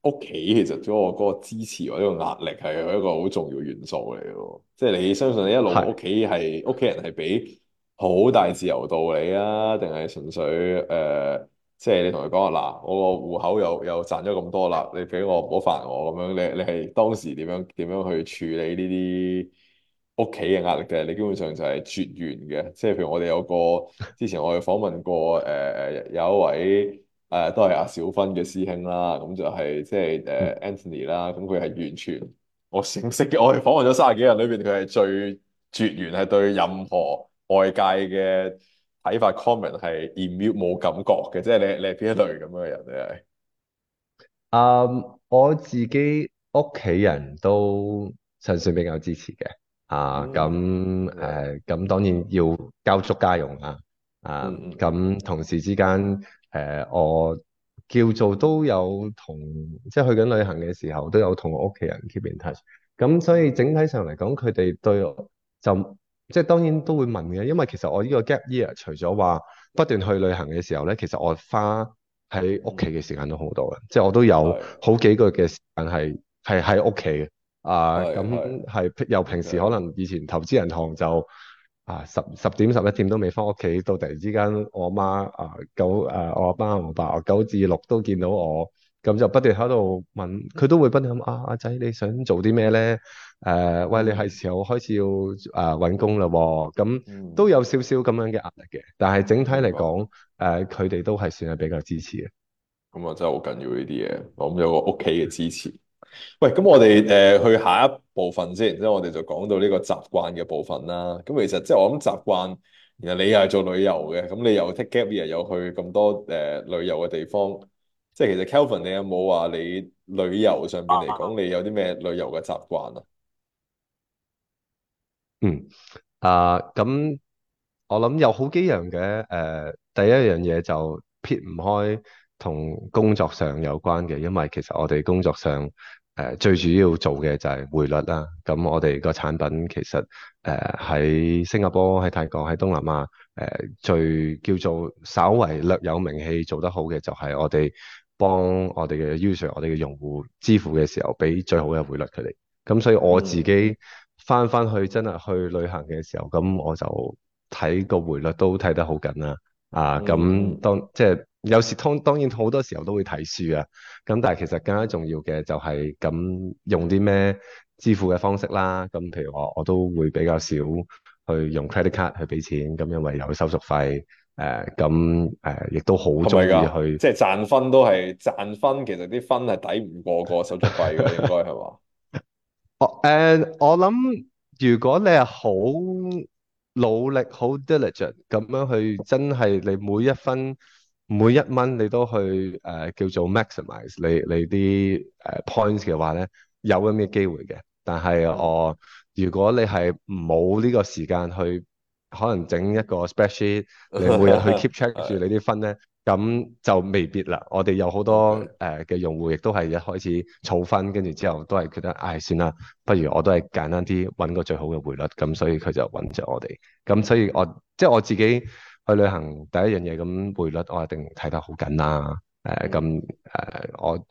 Speaker 1: 誒屋企其實嗰、嗰個嗰、嗰個支持或者個壓力係一個好重要元素嚟嘅。即係你相信你一路屋企係屋企人係俾好大自由度你啊？定係純粹誒、呃？即係你同佢講話嗱，我個戶口又又賺咗咁多啦，你俾我唔好煩我咁樣。你你係當時點樣點樣去處理呢啲？屋企嘅壓力嘅，你基本上就係絕緣嘅。即係譬如我哋有個之前我哋訪問過，誒、呃、有一位誒、呃、都係阿小芬嘅師兄啦，咁就係、是、即係誒、呃、Anthony 啦。咁佢係完全我認識嘅，我哋訪問咗卅幾人裏邊，佢係最絕緣，係對任何外界嘅睇法 comment 係 emotion 冇感覺嘅。即係你你係邊一類咁樣嘅人咧？
Speaker 3: 啊，um, 我自己屋企人都純粹比較支持嘅。啊，咁誒，咁當然要交足家用啊！啊，咁、嗯、同事之間誒、啊，我叫做都有同，即、就、係、是、去緊旅行嘅時候都有同我屋企人 keep in touch。咁所以整體上嚟講，佢哋對我就即係、就是、當然都會問嘅，因為其實我呢個 gap year 除咗話不斷去旅行嘅時候咧，其實我花喺屋企嘅時間都好多嘅，嗯、即係我都有好幾個月嘅時間係係喺屋企嘅。對 啊，咁係由平時可能以前投資銀行就啊十十點十一點都未翻屋企，到突然之間我阿媽啊九誒我阿爸、我爸九至六都見到我，咁就不斷喺度問，佢都會不斷問啊仔、ah, 你想做啲咩咧？誒、uh,，喂你係時候開始要誒揾、uh, 工嘞，咁都有少少咁樣嘅壓力嘅，但係整體嚟講誒，佢、uh, 哋、嗯、都
Speaker 1: 係算係比較支持嘅。咁啊、嗯、真係好緊要呢啲嘢，我咁有個屋企嘅支持。喂，咁我哋誒、呃、去下一部分先，即係我哋就講到呢個習慣嘅部分啦。咁其實即係、就是、我諗習慣，然後你又係做旅遊嘅，咁你又 take gap 又又去咁多誒、呃、旅遊嘅地方，即係其實 Kelvin 你有冇話你旅遊上面嚟講，你有啲咩旅遊嘅習慣啊？嗯，
Speaker 3: 啊，咁我諗有好幾樣嘅，誒、啊，第一樣嘢就撇唔開同工作上有關嘅，因為其實我哋工作上。誒、呃、最主要做嘅就係匯率啦，咁我哋個產品其實誒喺、呃、新加坡、喺泰國、喺東南亞誒、呃、最叫做稍為略有名氣做得好嘅就係我哋幫我哋嘅 user、我哋嘅用戶支付嘅時候，俾最好嘅匯率佢哋。咁所以我自己返返去真係去旅行嘅時候，咁我就睇個匯率都睇得好緊啦。啊，咁當即係。有時通當然好多時候都會睇書啊，咁但係其實更加重要嘅就係咁用啲咩支付嘅方式啦。咁譬如我我都會比較少去用 credit card 去俾錢，咁因為有手續費誒。咁誒亦都好鍾意去，是
Speaker 1: 是即係賺分都係賺分。其實啲分係抵唔過個手續費嘅。 應該係嘛？
Speaker 3: 哦誒，我諗如果你係好努力、好 diligent 咁樣去，真係你每一分。每一蚊你都去誒、呃、叫做 maximize 你你啲誒 points 嘅話咧，有咁咩機會嘅。但係我如果你係冇呢個時間去，可能整一個 spreadsheet 你每日去 keep check 住你啲分咧，咁 就未必啦。我哋有好多誒嘅、呃、用戶，亦都係一開始儲分，跟住之後都係覺得，唉、哎，算啦，不如我都係簡單啲揾個最好嘅匯率，咁所以佢就揾著我哋。咁所以我即係我自己。去旅行第一樣嘢，咁匯率，我一定睇得好緊啦。誒咁誒我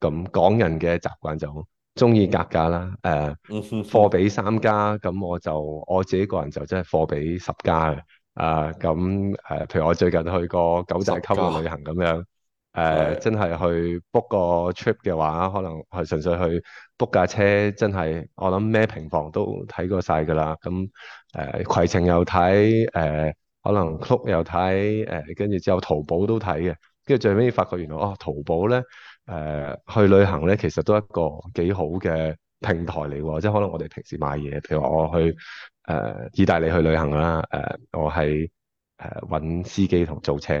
Speaker 3: 咁港人嘅習慣就中意格價啦。誒、uh, 貨比三家，咁我就我自己個人就真係貨比十家嘅。啊咁誒，uh, 譬如我最近去過九寨溝嘅旅行咁樣，誒真係去 book 個 trip 嘅話，可能係純粹去 book 架車，真係我諗咩平房都睇過晒㗎啦。咁誒、uh, 攜程又睇誒。Uh, 可能 club 又睇誒，跟住之後淘寶都睇嘅，跟住最尾發覺原來哦，淘寶咧誒、呃，去旅行咧其實都一個幾好嘅平台嚟喎，即係可能我哋平時買嘢，譬如我去誒、呃、意大利去旅行啦，誒、呃、我係誒揾司機同租車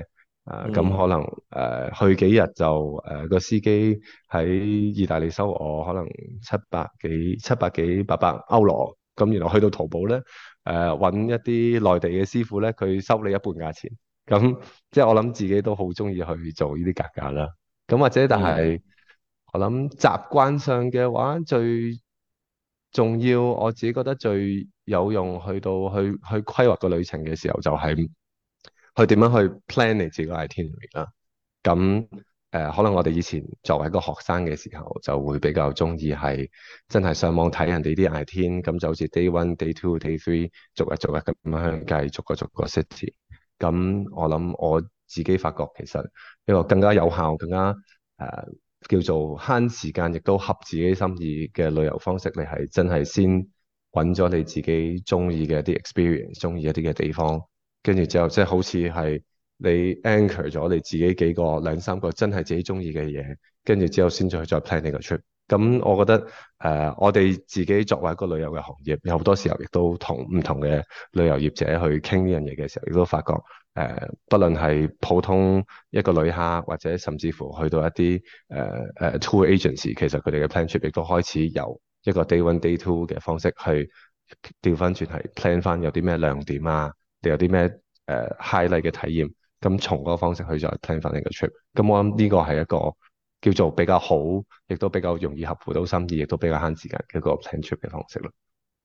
Speaker 3: 啊，咁、呃、可能誒、呃、去幾日就誒個、呃、司機喺意大利收我可能七百幾七百幾八百歐羅，咁、嗯、原來去到淘寶咧。誒，揾、呃、一啲內地嘅師傅咧，佢收你一半價錢，咁即係我諗自己都好中意去做呢啲格價啦。咁或者但係、嗯、我諗習慣上嘅話，最重要我自己覺得最有用去，去到去去規劃個旅程嘅時候、就是，就係去點樣去 plan 你自己個 itinerary 啦。咁誒，uh, 可能我哋以前作為一個學生嘅時候，就會比較中意係真係上網睇人哋啲 itinerary，咁就好似 day one、day two、day three，逐日逐日咁樣去計，逐個逐個 city。咁我諗我自己發覺，其實一個更加有效、更加誒、uh, 叫做慳時間，亦都合自己心意嘅旅遊方式，你係真係先揾咗你自己中意嘅一啲 experience，中意一啲嘅地方，跟住之後即係好似係。你 anchor 咗你自己幾個兩三個真係自己中意嘅嘢，跟住之後先再去再 plan 呢個 trip。咁我覺得誒、呃，我哋自己作為一個旅遊嘅行業，有好多時候亦都同唔同嘅旅遊業者去傾呢樣嘢嘅時候，亦都發覺誒，無、呃、論係普通一個旅客，或者甚至乎去到一啲誒誒 tour agents，其實佢哋嘅 plan trip 亦都開始由一個 day one day two 嘅方式去調翻轉係 plan 翻有啲咩亮點啊，你有啲咩誒 highlight 嘅體驗。咁從嗰個方式去再 plan 你個 trip，咁我諗呢個係一個叫做比較好，亦都比較容易合乎到心意，亦都比較慳時間嘅一個 plan trip 嘅方式咯。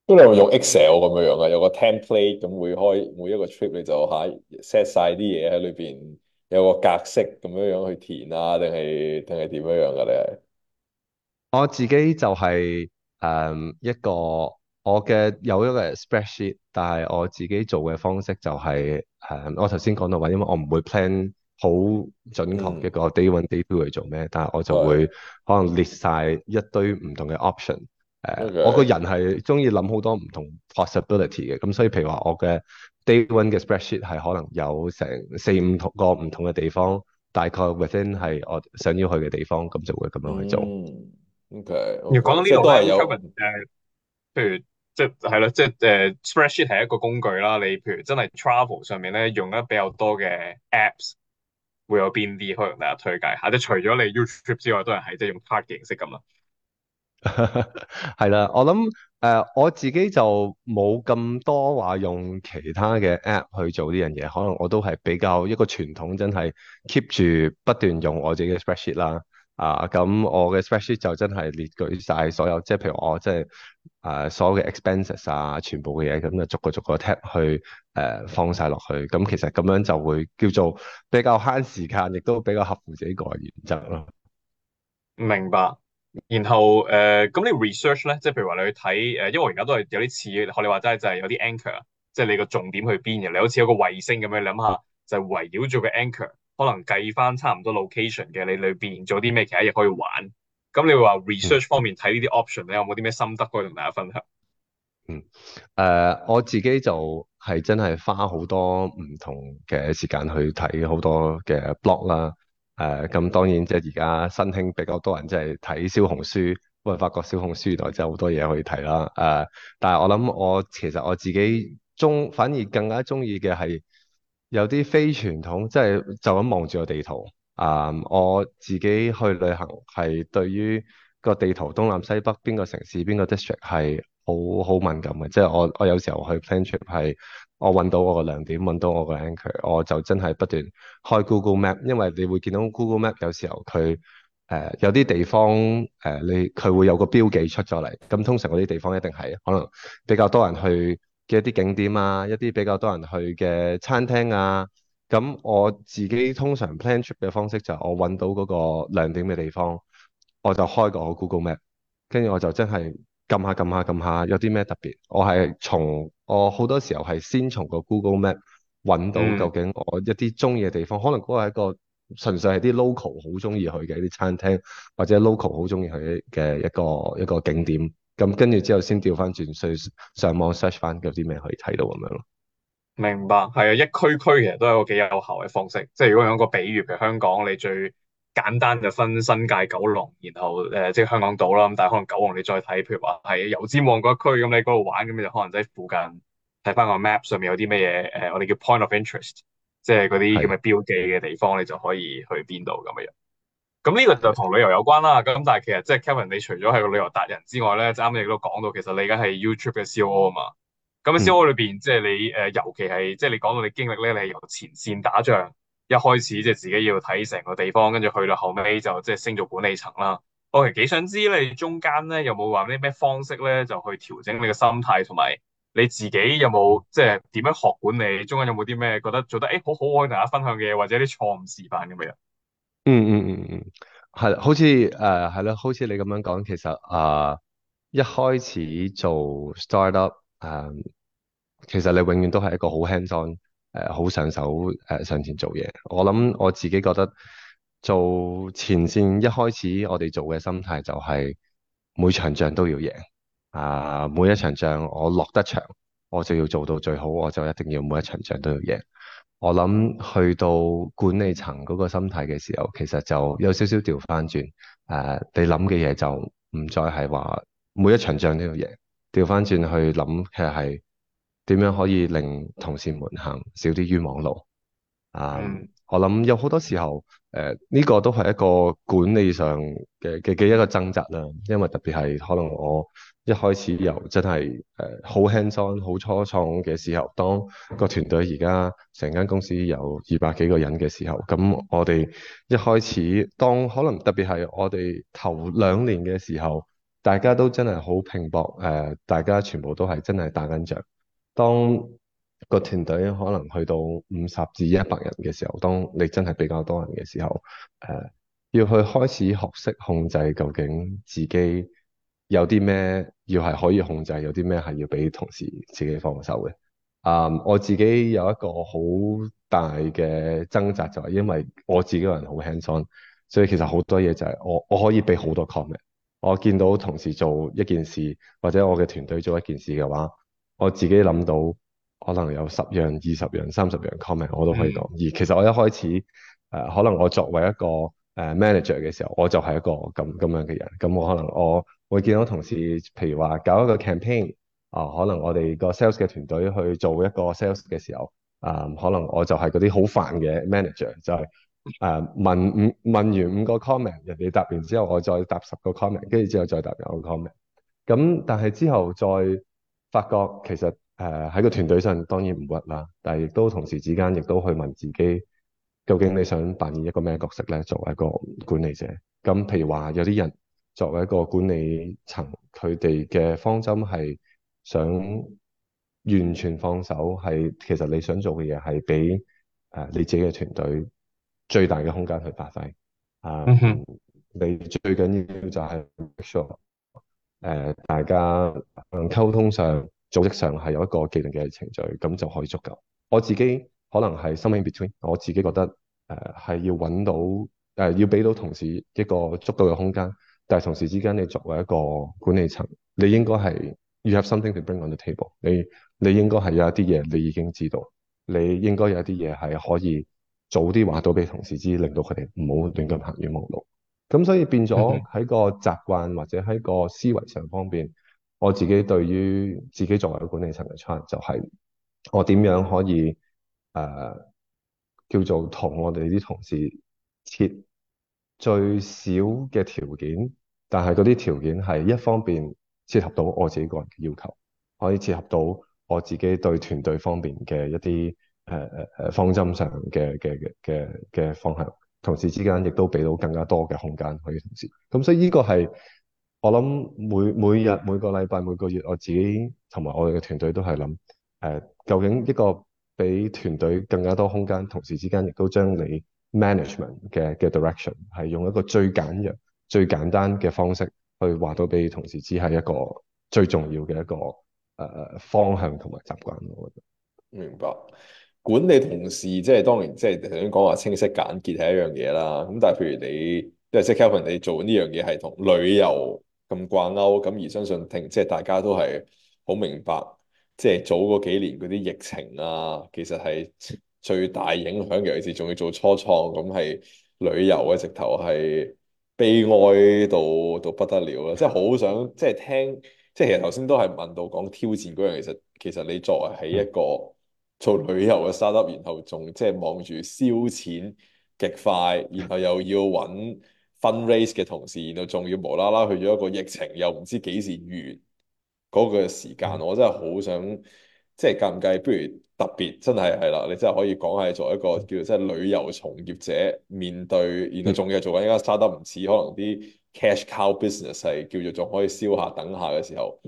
Speaker 1: 都係用 Excel 咁樣樣啊，有個 template 咁會開每一個 trip 你就喺 set 晒啲嘢喺裏邊，有個格式咁樣樣去填啊，定係定係點樣樣嘅咧？
Speaker 3: 我自己就係、是、誒、嗯、一個。我嘅有一個 spreadsheet，但係我自己做嘅方式就係、是、誒，uh, 我頭先講到話，因為我唔會 plan 好準確一個 day one day two 去做咩，嗯、但係我就會可能列晒一堆唔同嘅 option。誒，我個人係中意諗好多唔同 possibility 嘅，咁、嗯、所以譬如話我嘅 day one 嘅 spreadsheet 係可能有成四五個唔同嘅地方，嗯、大概 within 係我想要去嘅地方，咁就會咁樣去做。o、
Speaker 1: okay,
Speaker 2: 如果講到呢個都係有缺。即係咯，即係誒、呃、spreadsheet 係一個工具啦。你譬如真係 travel 上面咧，用得比較多嘅 apps，會有邊啲？可以同大家推介下？即除咗你 YouTube 之外，都係喺即係用 card 嘅形式咁啊。
Speaker 3: 係啦， 我諗誒、呃，我自己就冇咁多話用其他嘅 app 去做呢樣嘢，可能我都係比較一個傳統，真係 keep 住不斷用我自己嘅 spreadsheet 啦。啊，咁、uh, 我嘅 spreadsheet 就真係列舉晒所有，即係譬如我即係誒、uh, 所有嘅 expenses 啊，全部嘅嘢咁就逐個逐個 tap 去誒放晒落去。咁、uh, 其實咁樣就會叫做比較慳時間，亦都比較合乎自己個原則咯。
Speaker 2: 明白。然後誒，咁、uh, 你 research 咧，即係譬如話你去睇誒，因為我而家都係有啲似學你話齋，就係有啲 anchor，即係你個重點去邊嘅。你好似有個衛星咁樣，你諗下就係、是、圍繞住個 anchor。可能計翻差唔多 location 嘅，你裏邊做啲咩其他嘢可以玩？咁你話 research 方面睇呢啲、嗯、option 你有冇啲咩心得可以同大家分享？嗯，
Speaker 3: 誒、呃，我自己就係真係花好多唔同嘅時間去睇好多嘅 blog 啦。誒、呃，咁當然即係而家新興比較多人即係睇小紅書，我發覺小紅書原來真係好多嘢可以睇啦。誒、呃，但係我諗我其實我自己中反而更加中意嘅係，有啲非傳統，即係就咁望住個地圖。啊，um，我自己去旅行係對於個地圖東南西北，邊個城市邊個 district 係好好敏感嘅。即係我我有時候去 plan trip 係，我揾到我個亮點，揾到我個 anchor，我就真係不斷開 Google Map，因為你會見到 Google Map 有時候佢誒、呃、有啲地方誒、呃、你佢會有個標記出咗嚟。咁通常嗰啲地方一定係可能比較多人去嘅一啲景點啊，一啲比較多人去嘅餐廳啊，咁我自己通常 plan trip 嘅方式就係我揾到嗰個亮點嘅地方，我就開個 Google Map，跟住我就真係撳下撳下撳下，有啲咩特別？我係從我好多時候係先從個 Google Map 揾到究竟我一啲中意嘅地方，嗯、可能嗰個係一個純粹係啲 local 好中意去嘅一啲餐廳，或者 local 好中意去嘅一個一個景點。咁跟住之後先調翻轉，上上網 search 翻有啲咩可以睇到咁樣咯。
Speaker 2: 明白，係啊，一區區其實都係一個幾有效嘅方式。即係如果用一個比喻，譬如香港你最簡單就分新界、九龍，然後誒即係香港島啦。咁但係可能九龍你再睇，譬如話係油尖旺嗰區，咁你嗰度玩，咁你就可能喺附近睇翻個 map 上面有啲咩嘢誒，我哋叫 point of interest，即係嗰啲叫咩標記嘅地方，的你就可以去邊度咁嘅樣。咁呢個就同旅遊有關啦。咁但係其實即係 Kelvin，你除咗係個旅遊達人之外咧，就啱啱亦都講到，其實你而家係 Youtrip 嘅 COO 啊嘛。咁 COO 裏邊、嗯、即係你誒，尤其係即係你講到你經歷咧，你係由前線打仗一開始，即係自己要睇成個地方，跟住去到後尾就即係升做管理層啦。我其實幾想知你中間咧有冇話啲咩方式咧，就去調整你嘅心態，同埋你自己有冇即係點樣學管理？中間有冇啲咩覺得做得誒、欸、好好可以同大家分享嘅嘢，或者啲錯誤示範咁嘅樣？
Speaker 3: 嗯嗯嗯嗯，係，好似誒係咯，好似你咁樣講，其實啊、呃，一開始做 start up 誒、呃，其實你永遠都係一個好 hands on，誒、呃、好上手誒、呃、上前做嘢。我諗我自己覺得做前線一開始我哋做嘅心態就係每場仗都要贏，啊、呃、每一場仗我落得場我就要做到最好，我就一定要每一場仗都要贏。我諗去到管理層嗰個心態嘅時候，其實就有少少調翻轉，誒、呃，你諗嘅嘢就唔再係話每一場仗都要贏，調翻轉去諗，其實係點樣可以令同事們行少啲冤枉路啊。呃 我諗有好多時候，誒、呃、呢、這個都係一個管理上嘅嘅嘅一個掙扎啦。因為特別係可能我一開始由真係誒好輕鬆、好、呃、初創嘅時候，當個團隊而家成間公司有二百幾個人嘅時候，咁我哋一開始，當可能特別係我哋頭兩年嘅時候，大家都真係好拼搏，誒、呃、大家全部都係真係打緊仗。當個團隊可能去到五十至一百人嘅時候，當你真係比較多人嘅時候，誒、呃，要去開始學識控制究竟自己有啲咩要係可以控制，有啲咩係要俾同事自己放手嘅。啊、嗯，我自己有一個好大嘅掙扎就係、是、因為我自己個人好 hands on 所以其實好多嘢就係我我可以俾好多 comment。我見到同事做一件事或者我嘅團隊做一件事嘅話，我自己諗到。可能有十樣、二十樣、三十樣 comment，我都可以講。而其實我一開始誒、呃，可能我作為一個誒 manager 嘅時候，我就係一個咁咁樣嘅人。咁我可能我會見到同事，譬如話搞一個 campaign 啊、呃，可能我哋個 sales 嘅團隊去做一個 sales 嘅時候，啊、呃，可能我就係嗰啲好煩嘅 manager，就係、是、誒、呃、問五問完五個 comment，人哋答完之後，我再答十個 comment，跟住之後再答廿個 comment。咁但係之後再發覺其實。誒，喺、uh, 個團隊上當然唔屈啦，但係亦都同時之間，亦都去問自己，究竟你想扮演一個咩角色咧？作為一個管理者，咁譬如話有啲人作為一個管理層，佢哋嘅方針係想完全放手，係其實你想做嘅嘢係俾誒你自己嘅團隊最大嘅空間去發揮。啊、呃，mm hmm. 你最緊要就係、是、誒、呃，大家溝通上。組織上係有一個既定嘅程序，咁就可以足夠。我自己可能係 something between，我自己覺得誒係、呃、要揾到誒、呃、要俾到同事一個足夠嘅空間，但係同事之間你作為一個管理層，你應該係 you have something to bring on the table 你。你你應該係有一啲嘢你已經知道，你應該有一啲嘢係可以早啲話到俾同事知，令到佢哋唔好亂咁行冤枉路。咁所以變咗喺個習慣或者喺個思維上方面。我自己對於自己作為管理層嘅挑戰，就係、是、我點樣可以誒、呃、叫做同我哋啲同事設最少嘅條件，但係嗰啲條件係一方面切合到我自己個人嘅要求，可以切合到我自己對團隊方面嘅一啲誒誒誒方針上嘅嘅嘅嘅嘅方向。同事之間亦都俾到更加多嘅空間，可以同事。咁所以依個係。我諗每每日每個禮拜每個月，我自己同埋我哋嘅團隊都係諗誒，究竟一個俾團隊更加多空間，同事之間亦都將你 management 嘅嘅 direction 係用一個最簡約、最簡單嘅方式去話到俾同事知係一個最重要嘅一個誒、呃、方向同埋習慣。我覺
Speaker 1: 得明白管理同事即係當然即係頭先講話清晰簡潔係一樣嘢啦。咁但係譬如你因為即係 Kelvin，你做呢樣嘢係同旅遊。咁掛鈎，咁而相信聽，即係大家都係好明白，即係早嗰幾年嗰啲疫情啊，其實係最大影響，尤其是仲要做初創，咁係旅遊嘅直頭係悲哀到到不得了啦！即係好想即係聽，即係其實頭先都係問到講挑戰嗰樣，其實其實你作為喺一個做旅遊嘅 startup，然後仲即係望住燒錢極快，然後又要揾。Fundraise 嘅同時，然後仲要無啦啦去咗一個疫情，又唔知幾時完嗰個時間，我真係好想即係計唔計？不如特別真係係啦，你真係可以講係做一個叫做即係旅遊從業者面對，然後仲要做緊依家差得唔似，可能啲 cash cow business 係叫做仲可以燒下等下嘅時候。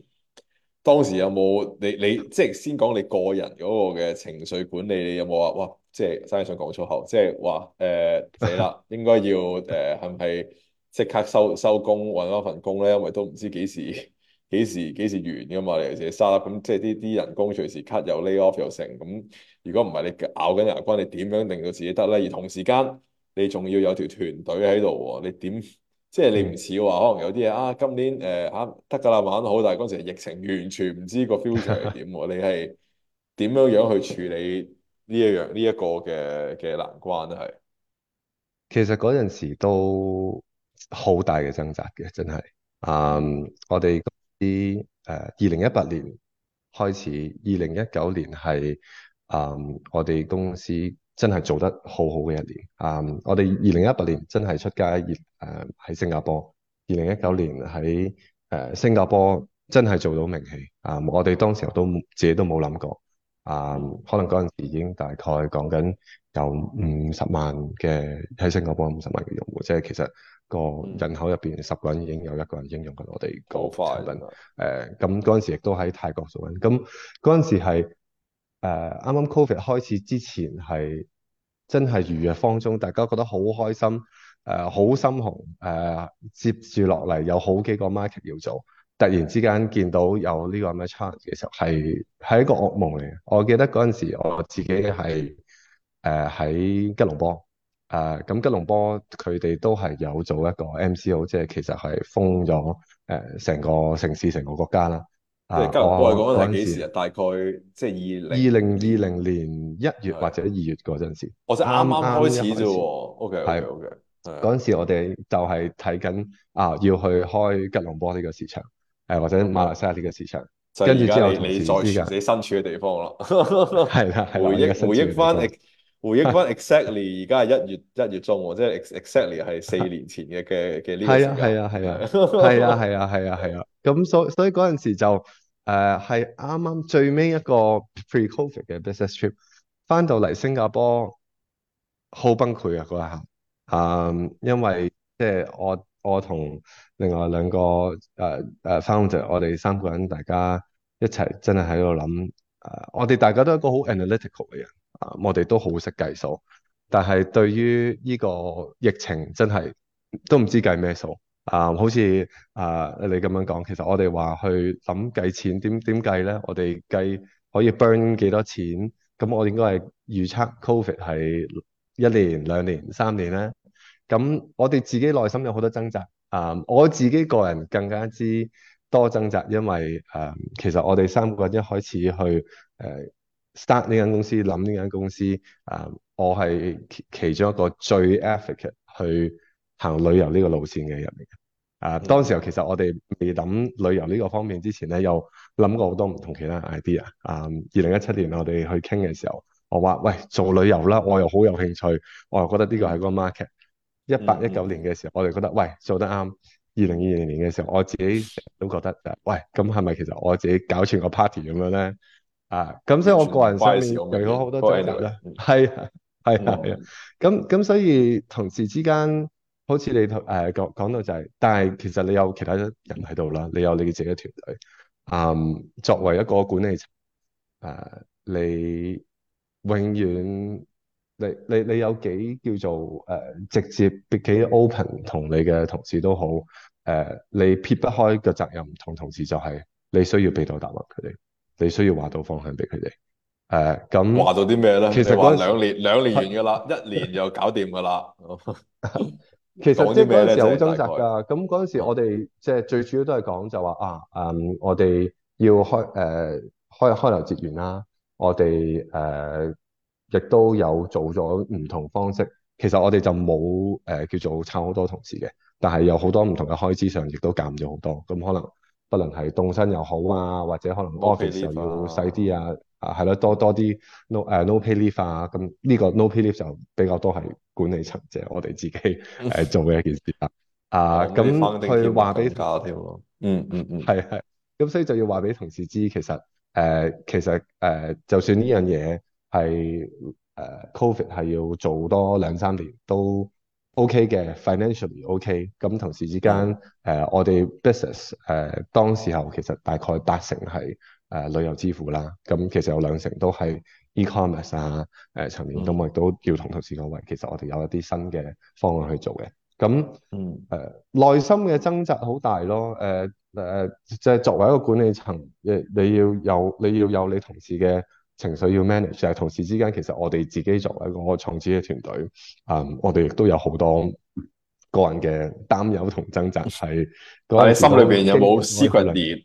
Speaker 1: 當時有冇你你即係先講你個人嗰個嘅情緒管理？你有冇話哇？即係真係想講粗口，即係話誒死啦！應該要誒係咪即刻收收工揾多份工咧？因為都唔知幾時幾時幾時完噶嘛？你哋沙粒咁即係啲啲人工隨時 cut 又 lay off 又成咁。如果唔係你咬緊牙關，你點樣令到自己得咧？而同時間你仲要有條團隊喺度喎，你點？即係你唔似話，可能有啲嘢啊，今年誒嚇得㗎啦，玩得好，但係嗰時疫情完全唔知個 future 係點喎？ 你係點樣樣去處理呢一樣呢一個嘅嘅、這個、難關係？
Speaker 3: 其實嗰陣時都好大嘅掙扎嘅，真係啊！Um, 我哋啲誒二零一八年開始，二零一九年係啊，um, 我哋公司。真係做得好好嘅一年啊！Um, 我哋二零一八年真係出街熱誒喺新加坡，二零一九年喺誒、呃、新加坡真係做到名氣啊、呃！我哋當時候都自己都冇諗過啊、呃，可能嗰陣時已經大概講緊有五十萬嘅喺新加坡五十萬嘅用戶，即係其實個人口入邊十個人已經有一個人應用緊我哋 g o f，咁嗰陣時亦都喺泰國做緊，咁嗰陣時係。誒，啱啱、呃、Covid 開始之前係真係如日方中，大家覺得好開心，誒、呃，好心紅，誒、呃，接住落嚟有好幾個 market 要做，突然之間見到有呢個咁嘅 challenge 嘅時候，係係一個噩夢嚟嘅。我記得嗰陣時我自己係誒喺吉隆坡，誒、呃，咁吉隆坡佢哋都係有做一個 MCO，即係其實係封咗誒成個城市、成個國家啦。啊，我即係吉隆坡係幾時
Speaker 1: 啊？大概即係二
Speaker 3: 零二零年一月或者二月嗰陣時，我就啱啱開始啫。O K，係，O K，嗰陣時我哋就係睇緊啊，要去開吉隆坡呢個市場，誒，或者馬來西亞呢個市場，跟住之後你再
Speaker 1: 你身處嘅地方咯。係啦，回憶回憶翻，回憶翻，exactly 而家係一月一月中，即係 exactly 係四年前嘅嘅嘅呢個時候。係啊，係啊，係啊，係
Speaker 3: 啊，係啊，係啊。咁所所以嗰陣時就誒係啱啱最尾一個 pre-COVID 嘅 business trip，翻到嚟新加坡好崩潰啊嗰一刻。嗯、呃，因為即係我我同另外兩個誒誒 founder，我哋三個人大家一齊真係喺度諗，誒、呃，我哋大家都係一個好 analytical 嘅人，啊、呃，我哋都好識計數，但係對於呢個疫情真係都唔知計咩數。啊，uh, 好似啊、uh, 你咁樣講，其實我哋話去諗計錢，點點計咧？我哋計可以 burn 幾多錢？咁我應該係預測 Covid 係一年、兩年、三年咧？咁我哋自己內心有好多掙扎啊！Uh, 我自己個人更加之多掙扎，因為啊，uh, 其實我哋三個人一開始去誒、uh, start 呢間公司，諗呢間公司啊，我係其中一個最 advocate 去。行旅遊呢個路線嘅入嚟，啊，當時候其實我哋未諗旅遊呢個方面之前咧，有諗過好多唔同其他 idea。啊，二零一七年我哋去傾嘅時候，我話：喂，做旅遊啦，我又好有興趣，我又覺得呢個係個 market。一八一九年嘅時候，我哋覺得：喂，做得啱。二零二零年嘅時候，我自己都覺得：喂，咁係咪其實我自己搞全個 party 咁樣咧？啊，咁所以我個人上面嚟咗好多專業啦。係啊，係啊，係啊。咁咁所以同事之間。好似你同誒、呃、講講到就係、是，但係其實你有其他人喺度啦，你有你自己嘅團隊。嗯，作為一個管理層，誒、呃，你永遠你你你有幾叫做誒、呃、直接，幾 open 同你嘅同事都好。誒、呃，你撇不開嘅責任同同事就係你需要俾到答案佢哋，你需要話到方向俾佢哋。誒、呃，
Speaker 1: 咁話到啲咩咧？其實、講、兩年兩年完㗎啦， 一年又搞掂㗎啦。 其實即係嗰陣時好掙扎
Speaker 3: 㗎，咁嗰陣時我哋即係最主要都係講就話啊，嗯，我哋要開誒、呃、開開源節流啦，我哋誒亦都有做咗唔同方式。其實我哋就冇誒、呃、叫做炒好多同事嘅，但係有好多唔同嘅開支上亦都減咗好多。咁可能不論係動身又好啊，或者可能 office 要細啲啊。啊，係咯，多多啲 no 誒、uh, no pay leave 啊，咁呢個 no pay leave 就比較多係管理層，即、就、係、是、我哋自己誒做嘅一件事啦。啊，咁去話俾教條。嗯嗯嗯，係係，咁所以就要話俾同事知，其實誒、呃、其實誒、呃，就算呢樣嘢係誒 covid 係要做多兩三年都 ok 嘅 financially ok，咁同事之間誒、呃、我哋 business 誒、呃、當時候其實大概八成係，誒、呃、旅遊支付啦，咁、嗯、其實有兩成都係 e-commerce 啊，誒層面咁，我亦都要同同事講話，其實我哋有一啲新嘅方案去做嘅。咁嗯誒、呃，內心嘅掙扎好大咯。誒、呃、誒，即、呃、係作為一個管理層，你要有你要有你同事嘅情緒要 manage，但係同事之間其實我哋自己作為一個創始嘅團隊，啊、嗯，我哋亦都有好多個人嘅擔憂同掙扎係。裡，我們我們但係你心裏邊有冇思緒連？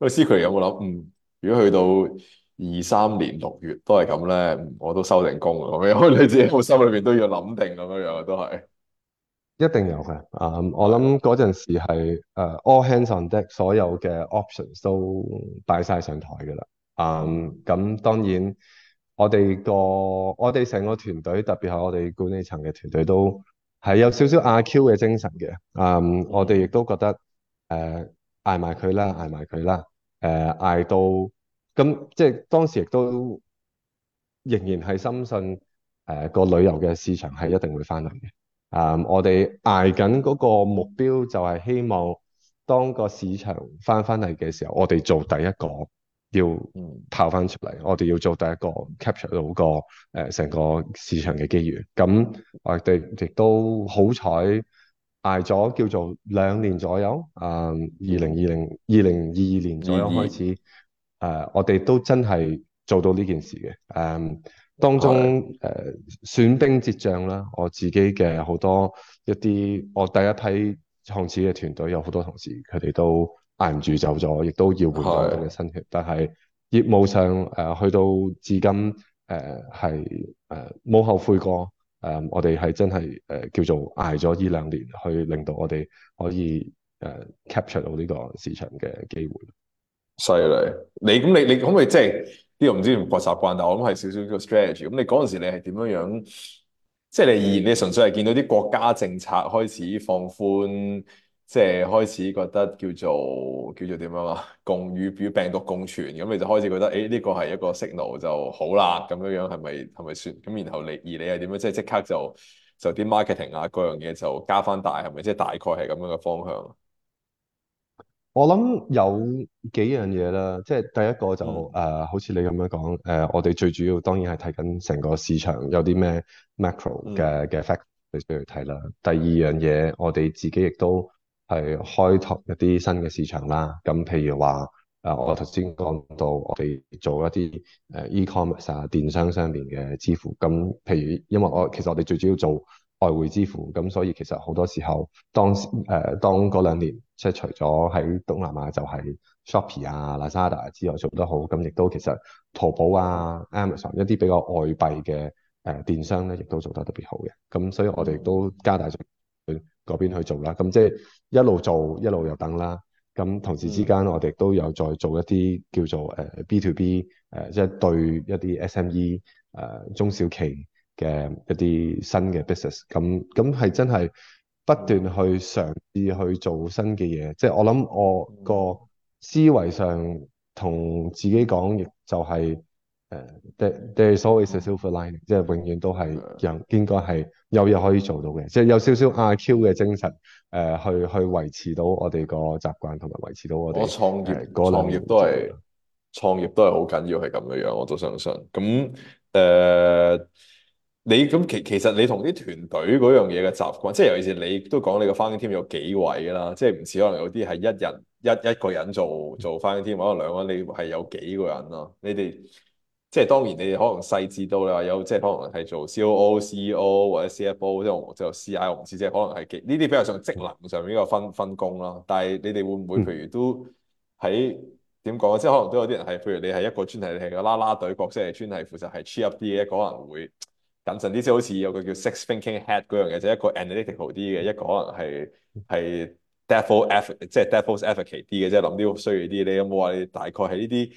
Speaker 1: 個思緒有冇諗嗯？如果去到二三年六月都係咁咧，我都收定工啦。咁 你自己有心裏面都要諗定咁樣，樣都係，一
Speaker 3: 定有嘅。嗯，我諗嗰陣時係誒、uh, all hands on deck，所有嘅 options 都擺晒上台噶啦。嗯，咁當然我哋個我哋成個團隊，特別係我哋管理層嘅團隊，都係有少少阿 Q 嘅精神嘅。嗯，我哋亦都覺得誒捱埋佢啦，捱埋佢啦。誒、呃、捱到，咁、嗯、即係當時亦都仍然係深信誒、呃、個旅遊嘅市場係一定會翻嚟嘅。啊、嗯，我哋捱緊嗰個目標就係希望當個市場翻翻嚟嘅時候，我哋做第一個要跑翻出嚟，我哋要做第一個 capture 到個誒成、呃、個市場嘅機遇。咁、嗯、我哋亦都好彩。捱咗叫做兩年左右，嗯，二零二零二零二二年左右開始，誒二、呃，我哋都真係做到呢件事嘅，嗯，當中誒的、呃、損兵折將啦，我自己嘅好多一啲我第一批創始嘅團隊有好多同事，佢哋都捱唔住走咗，亦都要回到佢哋新血，是的但係業務上誒、呃、去到至今誒係誒冇後悔過。誒，um, 我哋係真係誒、uh, 叫做捱咗呢兩年，去令到我哋可以誒、uh, capture 到呢個市場嘅
Speaker 1: 機會。犀利！你咁你你可唔可以即係呢個唔知唔覺習慣，但我諗係少少個 strategy。咁你嗰陣時你係點樣樣？即係你而二，你純粹係見到啲國家政策開始放寬，即係開始覺得叫做叫做點啊嘛，共與與病毒共存咁，你就開始覺得誒呢個係一個 signal 就好啦咁樣樣係咪係咪算咁？然後你而你係點樣即係即刻就就啲 marketing 啊各樣嘢就加翻大係咪？即係大概係咁樣嘅方向。
Speaker 3: 我諗有幾樣嘢啦，即係第一個就誒、嗯呃，好似你咁樣講誒、呃，我哋最主要當然係睇緊成個市場有啲咩 macro 嘅嘅、嗯、factories 俾佢睇啦。第二樣嘢、嗯、我哋自己亦都係開拓一啲新嘅市場啦，咁譬如話，啊，我頭先講到我哋做一啲誒 e-commerce 啊，電商上面嘅支付，咁譬如因為我其實我哋最主要做外匯支付，咁所以其實好多時候當誒、呃、當嗰兩年即係除咗喺東南亞就係 Shopee 啊、Lazada 之外做得好，咁亦都其實淘寶啊、Amazon 一啲比較外幣嘅誒電商咧，亦都做得特別好嘅，咁所以我哋都加大咗。嗰邊去做啦，咁即係一路做一路又等啦。咁同時之間，我哋都有再做一啲叫做誒 B to B，誒、呃、即係對一啲 SME 誒、呃、中小企嘅一啲新嘅 business。咁咁係真係不斷去嘗試去做新嘅嘢。即係我諗我個思維上同自己講，亦就係、是。誒，的的所謂是 silver line 即係永遠都係，應應該係有嘢可以做到嘅，即係有少少阿 Q 嘅精神，誒、呃，去去維持到我哋個習慣，同埋維持到我哋。我創業，創、呃那個、業都
Speaker 1: 係創業都係好緊要，係咁樣樣，我都相信。咁誒、呃，你咁其其實你同啲團隊嗰樣嘢嘅習慣，即係尤其是你都講你個 funding team 有幾位啦，即係唔似可能有啲係一人一一,一個人做做 funding team，可能兩個你係有幾個人咯，你哋。即係當然，你哋可能細緻到啦，有即係可能係做 COO、CEO 或者 CFO，即係我就 CIO，我唔知即係可能係呢啲比較上職能上面個分分工咯。但係你哋會唔會譬如都喺點講？即係可能都有啲人係，譬如你係一個專係係個啦啦隊角色，係專係負責係 cheer up 啲嘅，一可能會謹慎啲。即係好似有個叫 Six Thinking Head 嗰樣嘢，即係一個 analytical 啲嘅，一個可能係係 Devil effort，即係 Devil's advocate 啲嘅，即係諗啲需要啲咧咁。我話大概喺呢啲。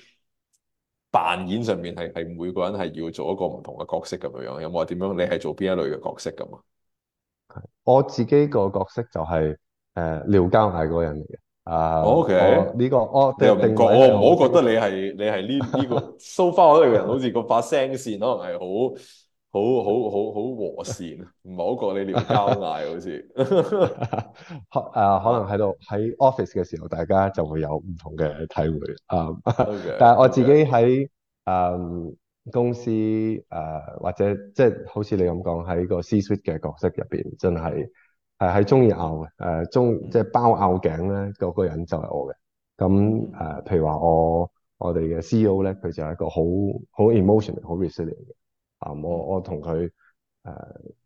Speaker 1: 扮演上面係係每個人係要做一個唔同嘅角色咁樣有有樣，有冇話點樣你係做邊一類嘅角色噶嘛？
Speaker 3: 係我自己個角色就係、是、誒、呃，撩交嗌嗰個人嚟嘅。啊，O K，呢個、哦、
Speaker 1: 又覺我又唔覺，我我覺得你係你係呢呢個 so far 嗰個人，好似個把聲線可能係好。好好好好和善，唔係好過你撩
Speaker 3: 交嗌好似。可誒、 啊，可能喺度喺 office 嘅時候，大家就會有唔同嘅體會。啊，okay, 但係我自己喺誒 okay.、嗯、公司誒、啊、或者即係好似你咁講，喺個 C-suite 嘅角色入邊，真係誒喺中意拗嘅誒中即係包拗頸咧，嗰個人就係我嘅。咁誒、啊，譬如話我我哋嘅 CEO 咧，佢就係一個好好 emotion 好 resilient 嘅。啊、嗯！我我同佢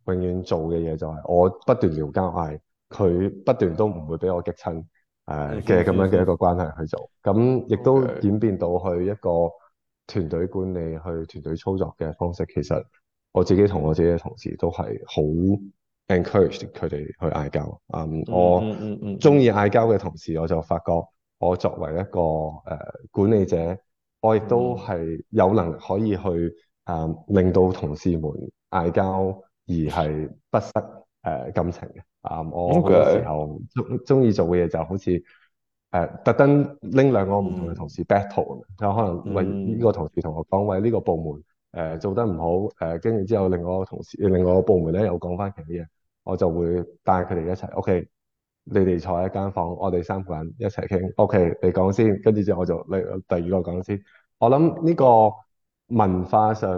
Speaker 3: 誒永遠做嘅嘢就係我不斷撩交嗌，佢不斷都唔會俾我激親誒嘅咁樣嘅一個關係去做，咁亦都演變到去一個團隊管理、去團隊操作嘅方式。其實我自己同我自己嘅同事都係好 encouraged 佢哋去嗌交。嗯，嗯我中意嗌交嘅同事，我就發覺我作為一個誒、呃、管理者，我亦都係有能力可以去。啊、嗯！令到同事們嗌交，而係不失誒感、呃、情嘅。啊、嗯，我好多時候中意 Okay. 做嘅嘢就好似誒、呃、特登拎兩個唔同嘅同事 battle，就、mm. 可能為呢、這個同事同我講喂，呢、這個部門誒、呃、做得唔好誒，跟、呃、住之後另外個同事另外個部門咧又講翻其他嘢，我就會帶佢哋一齊。O、okay, K，你哋坐喺間房，我哋三個人一齊傾。O、okay, K，你講先，跟住之後我就嚟第二個講先。我諗呢、這個。文化上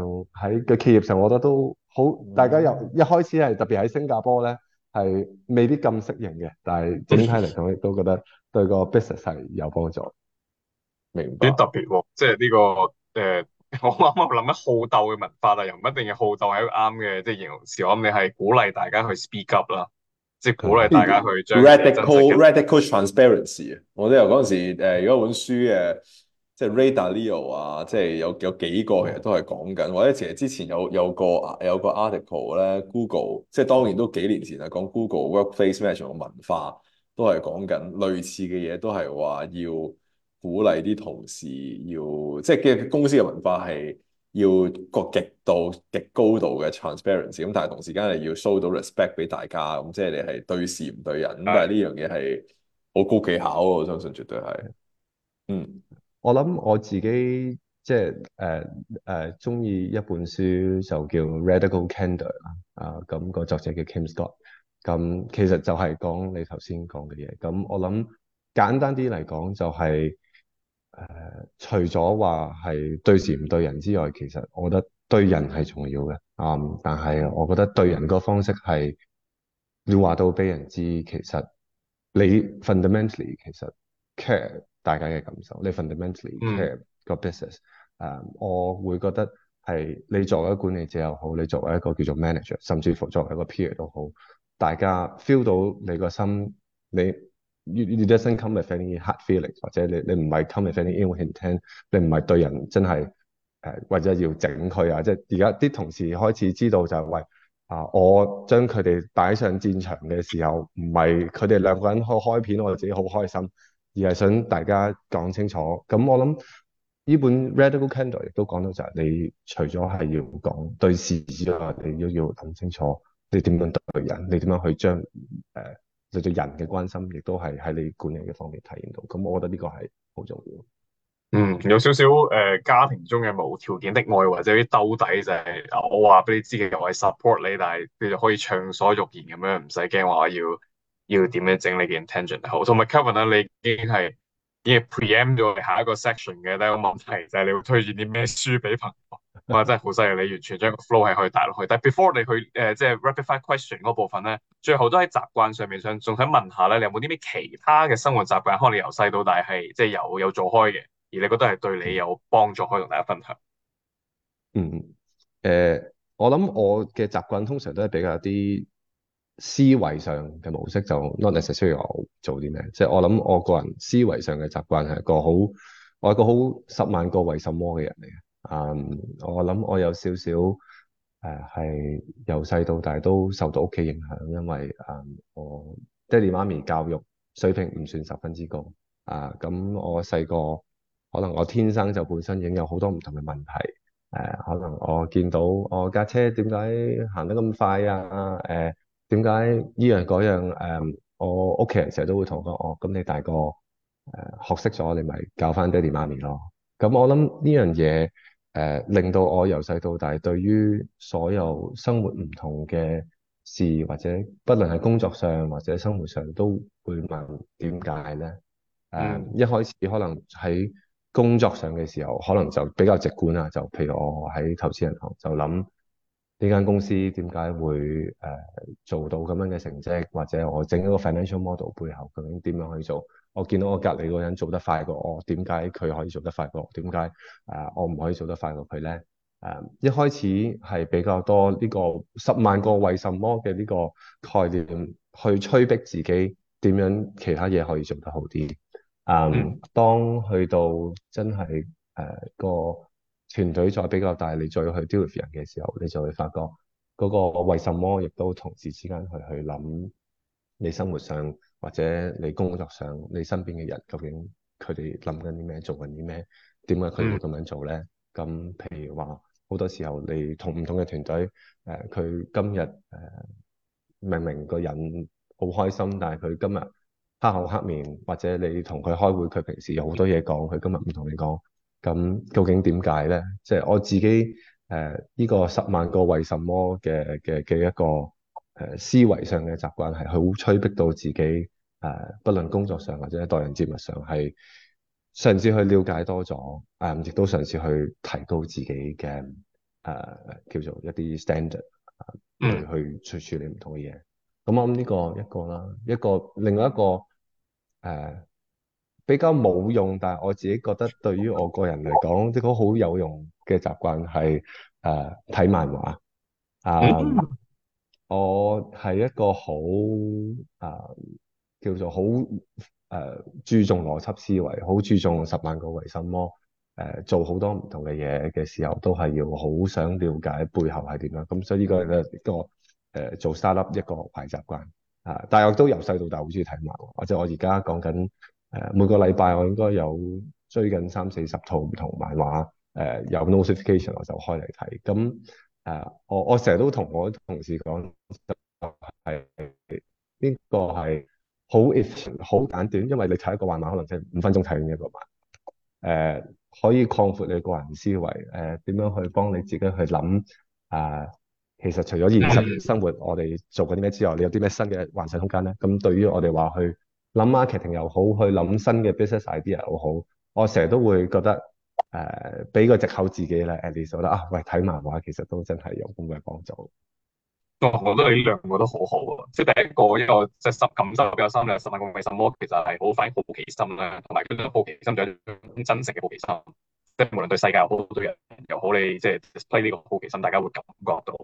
Speaker 3: 喺嘅企業上，我覺得都好，大家又一開始係特別喺新加坡咧，係未必咁適應嘅，但係整體嚟講，亦都覺得對個 business 係有幫助。
Speaker 2: 明幾特別即係呢個誒、呃，我啱啱諗一好鬥嘅文化，但又唔一定要好鬥係啱嘅，即係形容詞。我諗你係鼓勵大家去 speak up 啦，
Speaker 1: 即係鼓勵大家去將、嗯。radical radical transparency、嗯、啊！我記得嗰陣時誒有一本書嘅。即係 Ray Dalio 啊，即係有有幾個其實都係講緊，或者其實之前有有個有個 article 咧，Google 即係當然都幾年前啊，講 Google workplace management 嘅文化都係講緊類似嘅嘢，都係話要鼓勵啲同事要即係嘅公司嘅文化係要個極度極高度嘅 transparency，咁但係同時間係要 show 到 respect 俾大家咁，即係你係對事唔對人咁，但係呢樣嘢係好高技巧，我相信絕對係
Speaker 3: 嗯。我諗我自己即係誒誒中意一本書就叫 Radical Candor 啊，咁、呃個作者叫 Kim Scott，咁、嗯、其實就係講你頭先講嘅嘢。咁、嗯、我諗簡單啲嚟講就係、是、誒、呃，除咗話係對事唔對人之外，其實我覺得對人係重要嘅。嗯，但係我覺得對人個方式係要話到俾人知，其實你 fundamentally 其實 care。大家嘅感受，你 fundamentally care 個 business 誒，嗯 um, 我會覺得係你作為一個管理者又好，你作為一個叫做 manager，甚至乎作為一個 peer 都好，大家 feel 到你個心，你你你 it doesn't come with any hard feeling，或者你你唔係 come with any intent 你唔係對人真係誒、呃、或者要整佢啊，即係而家啲同事開始知道就係、是、喂啊、呃，我將佢哋擺上戰場嘅時候，唔係佢哋兩個人開開片，我自己好開心。而係想大家講清楚，咁我諗呢本《Radical Candle》亦都講到就係，你除咗係要講對事之外，你都要諗清楚你點樣對人，你點樣去將誒、呃、其實對人嘅關心，亦都係喺你管理嘅方面體現到。咁我覺得呢個係
Speaker 2: 好重要。嗯，有少少誒、呃、家庭中嘅無條件的愛，或者啲兜底就係、是、我話俾你知嘅，又係 support 你，但係你就可以暢所欲言咁樣，唔使驚話我要。要點樣整理嘅 intention 好，同埋 Kelvin 啊，你已經係已經 pre-empt 咗下一個 section 嘅第一個問題就係，你會推薦啲咩書俾朋友？哇， 真係好犀利！你完全將個 flow 係可以帶落去。但係 before 你去誒，即、呃、係、就是、rapid fire question 嗰部分咧，最後都喺習慣上面上，仲想問下咧，你有冇啲咩其他嘅生活習慣，可能你由細到大係即係有有做開嘅，而你覺得係對你有幫助，可以同大家分享。嗯，
Speaker 3: 誒、呃，我諗我嘅習慣通常都係比較啲。思維上嘅模式就 not necessary 我做啲咩，即、就、係、是、我諗我個人思維上嘅習慣係一個好我係一個好十萬個為什麼嘅人嚟嘅。嗯，我諗我有少少誒係由細到大都受到屋企影響，因為嗯我爹哋媽咪教育水平唔算十分之高啊，咁、呃、我細個可能我天生就本身已經有好多唔同嘅問題誒、呃，可能我見到我架車點解行得咁快啊誒？呃點解依樣嗰樣、嗯、我屋企人成日都會同我講，哦，咁你大個誒、呃、學識咗，你咪教翻爹哋媽咪咯。咁、嗯、我諗呢樣嘢誒，令到我由細到大，對於所有生活唔同嘅事，或者不論係工作上或者生活上都會問點解咧？誒、嗯，一開始可能喺工作上嘅時候，可能就比較直觀啊，就譬如我喺投資銀行就諗。呢間公司點解會誒、呃、做到咁樣嘅成績，或者我整一個 financial model 背後究竟點樣去做？我見到我隔籬個人做得快過我，點解佢可以做得快過我？點解誒我唔可以做得快過佢咧？誒、呃、一開始係比較多呢個十萬個為什麼嘅呢個概念去催逼自己點樣其他嘢可以做得好啲。嗯、呃，當去到真係誒、呃、個。團隊再比較大，你再去 deal with 人嘅時候，你就會發覺嗰個為什麼，亦都同時之間去去諗你生活上或者你工作上，你身邊嘅人究竟佢哋諗緊啲咩，做緊啲咩，點解佢會咁樣做咧？咁、嗯、譬如話，好多時候你同唔同嘅團隊誒，佢、呃、今日誒、呃、明明個人好開心，但係佢今日黑口黑，黑面，或者你同佢開會，佢平時有好多嘢講，佢今日唔同你講。咁究竟點解咧？即、就、係、是、我自己誒呢、呃這個十萬個為什麼嘅嘅嘅一個誒、呃、思維上嘅習慣係好催迫到自己誒，無、呃、論工作上或者係待人接物上，係嘗試去了解多咗，誒、呃、亦都嘗試去提高自己嘅誒、呃、叫做一啲 standard、呃、去去去處理唔同嘅嘢。咁我諗呢個一個啦，一個另外一個誒。呃比較冇用，但係我自己覺得對於我個人嚟講，即係好有用嘅習慣係誒睇漫畫啊、呃！我係一個好誒、呃、叫做好誒、呃、注重邏輯思維，好注重十萬個為什麼誒做好多唔同嘅嘢嘅時候，都係要好想了解背後係點樣咁，所以呢個係一個、呃、做 start-up 一個壞習慣啊、呃！但係我都由細到大好中意睇漫畫，即係我而家講緊。誒，每個禮拜我應該有追緊三四十套唔同漫畫，誒、呃、有 notification 我就開嚟睇。咁誒、呃，我我成日都同我同事講，係邊、這個係好 if 好簡短？因為你睇一個漫畫可能即係五分鐘睇完一個漫，誒、呃、可以擴闊你個人思維。誒、呃，點樣去幫你自己去諗？啊、呃，其實除咗現實生活我哋做緊啲咩之外，你有啲咩新嘅幻想空間咧？咁對於我哋話去。諗下劇情又好，去諗新嘅 business idea 又好，我成日都會覺得誒，俾、uh, 個藉口自己啦。Adidas 啦啊，喂，睇漫畫其實都真係有咁嘅幫助。我覺
Speaker 2: 得你呢兩個都好好啊，即係第一個一個即係深感受比較深，你十萬個為什麼，其實係好反映好奇心咧，同埋嗰種好奇心仲有種真實嘅好奇心，即、就、係、是、無論對世界又好對人又好，你即係 display 呢個好奇心，大家會感覺到。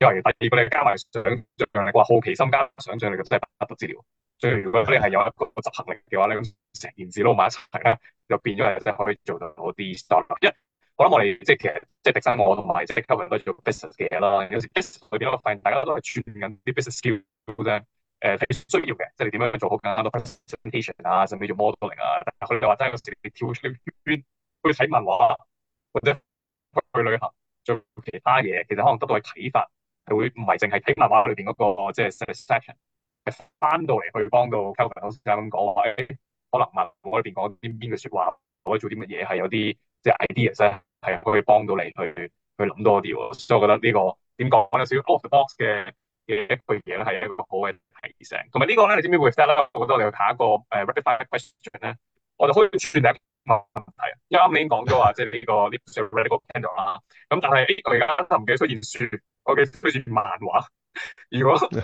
Speaker 2: 因為第二，如果你加埋想像力，話好奇心加想像力，就真係不得了。所以如果佢哋係有一個執行力嘅話咧，咁成件事撈埋一齊咧，就變咗係真係可以做到嗰啲 story。因為我諗我哋即係其實即係廸生我同埋即係 cover business 嘅嘢啦。有時 business 嗰啲咯，發現大家都係傳緊啲 business skills 啫。誒，需要嘅即係你點樣做好更加多 presentation 啊，甚至做 modeling 啊。佢哋話真有時跳出圈，去睇漫畫或者去旅行做其他嘢，其實可能得到嘅睇法係會唔係淨係睇漫畫裏邊嗰個即係 section。翻到嚟去幫到 Kelvin 老師就咁講話，誒，可能文我呢邊講啲邊句說話，可以做啲乜嘢係有啲即係 ideas 咧，係可以幫到你去去諗多啲喎。所、so, 以我覺得、這個、呢個點講有少少 off the box 嘅嘅一句嘢咧，係一個好嘅提醒。同埋呢個咧，你知唔知會 fail 咧？我覺得我哋下一個誒 rapid fire question 咧，我哋可以串兩個問題。因為啱啱已經講咗、就是這個、 話，即係呢個呢個 rapid fire 啦。咁但係誒，我而家唔記得推薦書，我嘅推薦漫畫。如果你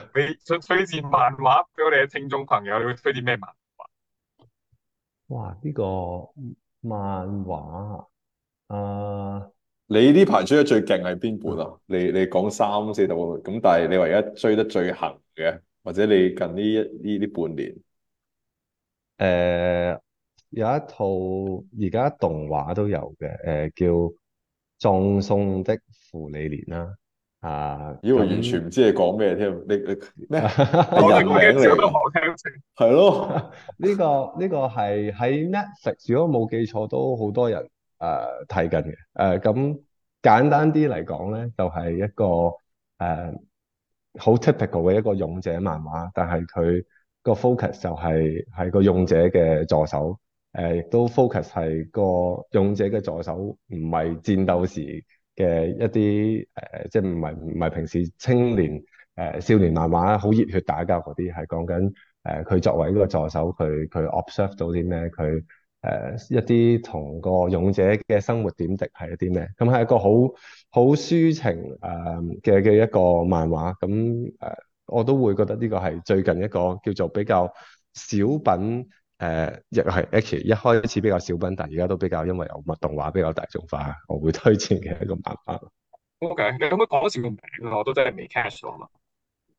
Speaker 2: 想推薦漫畫俾我哋嘅聽眾朋友，你會推啲咩漫
Speaker 1: 畫？哇！呢、這個漫畫啊，你呢排追得最勁係邊本啊？你你講三四套咁，但係你話而家追得最行嘅，或者你近呢一呢啲半年，
Speaker 3: 誒、呃，有一套而家動畫都有嘅，誒、呃，叫《葬送的芙莉
Speaker 1: 蓮》啦。啊！依個完全唔知你講咩添，你你咩？我哋嗰啲字都冇聽清。
Speaker 3: 係咯，呢、 呢個、呢個係喺 Netflix，如果冇記錯，都好多人誒睇緊嘅。誒、呃、咁、呃、簡單啲嚟講咧，就係、是、一個誒好、呃、typical 嘅一個勇者漫畫，但係佢個 focus 就係、是、係個勇者嘅助手，誒、呃、都 focus 係個勇者嘅助手，唔係戰鬥時。嘅一啲誒、呃，即係唔係唔係平時青年誒、呃、少年漫畫好熱血打交嗰啲，係講緊誒佢作為一個助手，佢佢 observe 到啲咩？佢誒、呃、一啲同個勇者嘅生活點滴係一啲咩？咁、嗯、係一個好好抒情誒嘅嘅一個漫畫咁誒、嗯呃，我都會覺得呢個係最近一個叫做比較小品。誒，亦係 X，一開始比較少，但係而家都比較，因為有乜動畫比較大眾化，我會推薦嘅一個漫畫。O、
Speaker 2: okay, K，你有冇講住個名我都真係未 catch 咗嘛。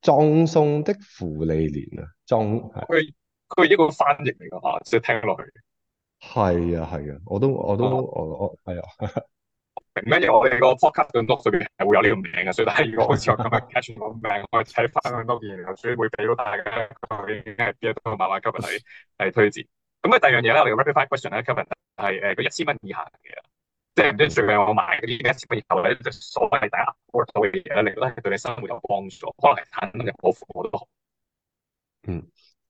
Speaker 3: 葬送的芙莉蓮啊，葬
Speaker 2: 佢佢係一個翻譯嚟噶嘛，即、啊、係聽落去。
Speaker 3: 係啊係啊，我都我都、uh. 我我係啊。哎
Speaker 2: 咩？因為我哋個 podcast 嘅 book 裏邊係會有呢個名嘅，所以但係如果好似我咁 catch 個名，我係睇翻咁多嘅嘢，所以會俾到大家，係邊一個漫畫 cover 係係推薦。咁啊，第二樣嘢咧，我哋 rapid fire question 咧 cover 係誒個一千蚊以下嘅嘢，即係唔知最近我買嗰啲一千蚊以下或者所謂抵押 mortgage 嘅嘢咧，你覺得係對你生活有幫助？可能係產品又好，服務都好。嗯。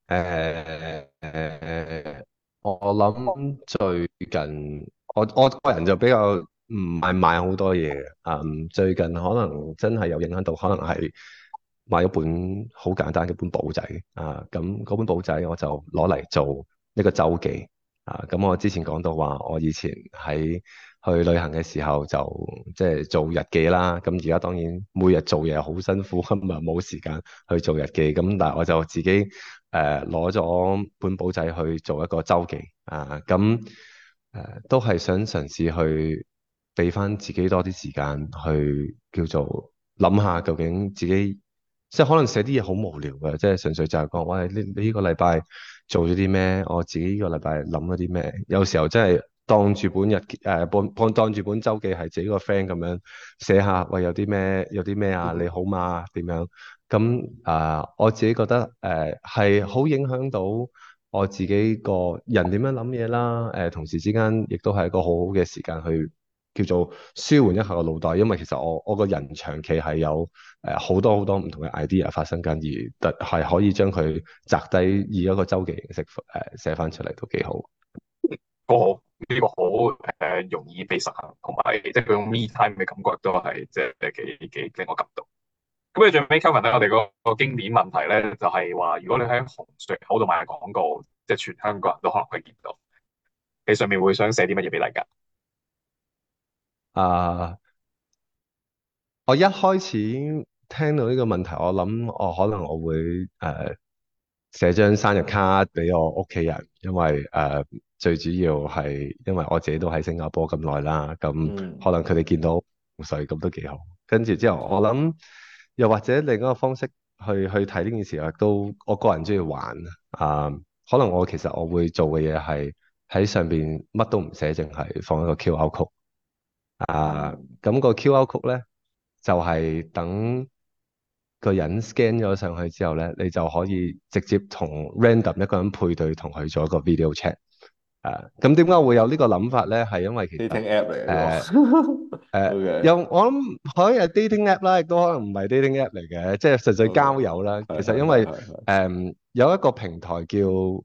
Speaker 2: 誒誒，
Speaker 3: 我諗最近我我個人就比較～唔係買好多嘢嘅，嗯，最近可能真係有影響到，可能係買咗本好簡單嘅本簿仔啊。咁、嗯、嗰本簿仔我就攞嚟做呢個周記啊。咁、嗯、我之前講到話，我以前喺去旅行嘅時候就即係、就是、做日記啦。咁而家當然每日做嘢好辛苦，咁啊冇時間去做日記。咁、嗯、但係我就自己誒攞咗本簿仔去做一個周記啊。咁、嗯、誒、呃、都係想嘗試去。俾翻自己多啲時間去叫做諗下，究竟自己即係可能寫啲嘢好無聊嘅，即係純粹就係講喂你你呢個禮拜做咗啲咩？我自己呢個禮拜諗咗啲咩？有時候真係當住本日記誒、呃，當住本週記係自己個 friend 咁樣寫下喂，有啲咩有啲咩啊？你好嘛？點樣咁啊、嗯呃？我自己覺得誒係好影響到我自己個人點樣諗嘢啦。誒、呃、同時之間亦都係一個好好嘅時間去，叫做舒緩一下個腦袋，因為其實我我個人長期係有誒好多、呃、好多唔同嘅 idea 發生緊，而特係可以將佢摘低以一個周期形式、呃、寫誒寫翻出嚟都幾好。
Speaker 1: 哦，這
Speaker 2: 個呢個好誒容易被實行，同埋即係佢用 me time 嘅感覺都係即係幾幾令我感動。咁你最尾 Kelvin 咧，我哋個經典問題咧就係話，如果你喺紅隧口度賣廣告，即係全香港人都可能會見到，你上面會想寫啲乜嘢俾大家？
Speaker 3: 啊！Uh, 我一開始聽到呢個問題，我諗我、哦、可能我會誒寫張生日卡俾我屋企人，因為誒、呃、最主要係因為我自己都喺新加坡咁耐啦，咁可能佢哋見到水咁都幾好。跟住之後，我諗又或者另一個方式去去睇呢件事啊，都我個人中意玩啊、呃。可能我其實我會做嘅嘢係喺上邊乜都唔寫，淨係放一個 QR code。啊，咁、uh, 個 QR code 咧，就係、是、等個人 scan 咗上去之後咧，你就可以直接同 random 一個人配對，同佢做一個 video chat。Uh, ating 呃、啊，咁點解會有呢個諗法咧？係因為其實 dating app 嚟嘅。誒，有我諗可以係 dating app 啦，亦都可能唔係 dating app 嚟嘅，即係實際交友啦。Okay. 其實因為誒、 um, 有一個平台叫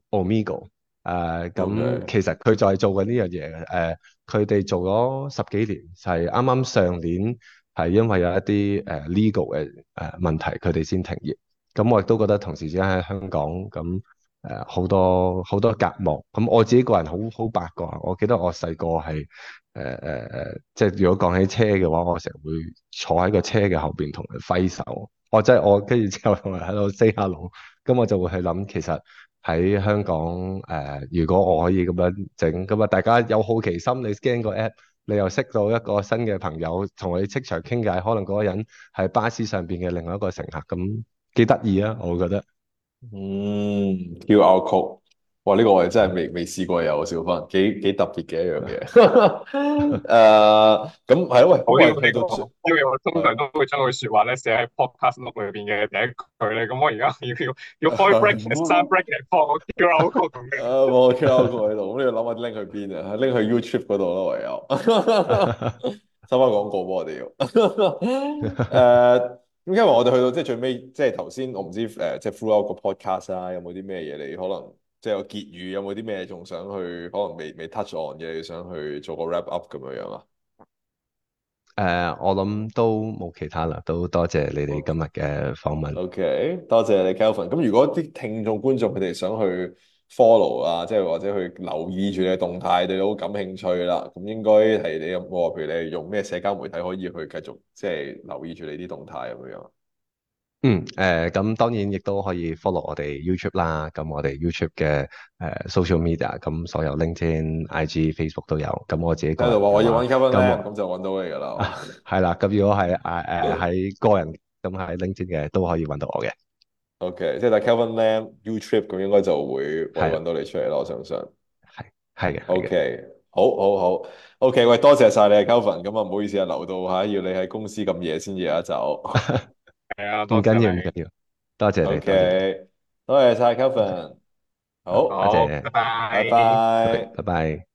Speaker 3: Omegle。誒，咁、嗯嗯、其實佢就係做緊呢樣嘢嘅，誒、呃，佢哋做咗十幾年，就係啱啱上年係因為有一啲誒、呃、legal 嘅誒問題，佢哋先停業。咁、嗯、我亦都覺得同時之間喺香港，咁誒好多好多隔膜。咁、嗯、我自己個人好好八卦，我記得我細個係誒誒，即係如果講起車嘅話，我成日會坐喺個車嘅後邊同佢揮手，我即、就、係、是、我跟住之後同人喺度 say 下 hello 咁我就會去諗其實。喺香港誒、呃，如果我可以咁樣整咁啊，大家有好奇心，你 scan 個 app，你又識到一個新嘅朋友，同你即場傾偈，可能嗰個人係巴士上邊嘅另外一個乘客，咁幾得意啊！我覺得，
Speaker 1: 嗯，叫 o u 哇！呢個我真係未未試過有小芬，幾幾特別嘅一樣嘢。誒，咁係咯，喂，我要睇到，因為我通常
Speaker 2: 都會將佢說話咧寫喺 podcast 錄裏邊嘅第一句咧。咁我而家要要要開 break，a
Speaker 1: s 刪 break 嘅 pod，cut 個廣告咁樣。誒，冇錯，我喺度。咁你要諗下拎去邊啊，拎去 YouTube 嗰度啦，唯有收翻廣告幫我哋。誒，點解為我哋去到即係最尾，即係頭先我唔知誒，即係 follow 個 podcast 啊，有冇啲咩嘢你可能？即係結語，有冇啲咩仲想去，可能未未 touch on 嘅，你想去做個 wrap up 咁樣啊？
Speaker 3: 誒，uh, 我諗都冇其他啦，都多謝你哋今日嘅訪問。
Speaker 1: OK，多謝你 Kelvin。咁如果啲聽眾觀眾佢哋想去 follow 啊，即係或者去留意住你嘅動態，對你好感興趣啦，咁應該係你有冇啊？譬如你用咩社交媒體可以去繼續即係留意住你啲動態咁樣？
Speaker 3: 嗯，誒、呃，咁當然亦都可以 follow 我哋 YouTube 啦，咁我哋 YouTube 嘅誒 social、呃、media，咁所有 LinkedIn、IG、Facebook 都有，咁我自己喺度話我要揾 Kelvin 咁
Speaker 1: 就揾到你噶啦，
Speaker 3: 係啦， 咁如果係誒喺個人，咁喺 LinkedIn 嘅都可以揾到我嘅。
Speaker 1: OK，即係但係 Kelvin 咧 YouTube 咁應該就會會揾到你出嚟咯，的我相信係係嘅。OK，好，好好,好,好，OK，喂，多謝晒你係 Kelvin，咁啊唔好意思啊，留到吓要你喺公司咁夜先而家走。 係啊，唔緊要，
Speaker 3: 唔緊要，多謝你，多謝
Speaker 1: 多謝晒，Kelvin，好，多謝，拜拜，拜拜，
Speaker 3: 拜拜。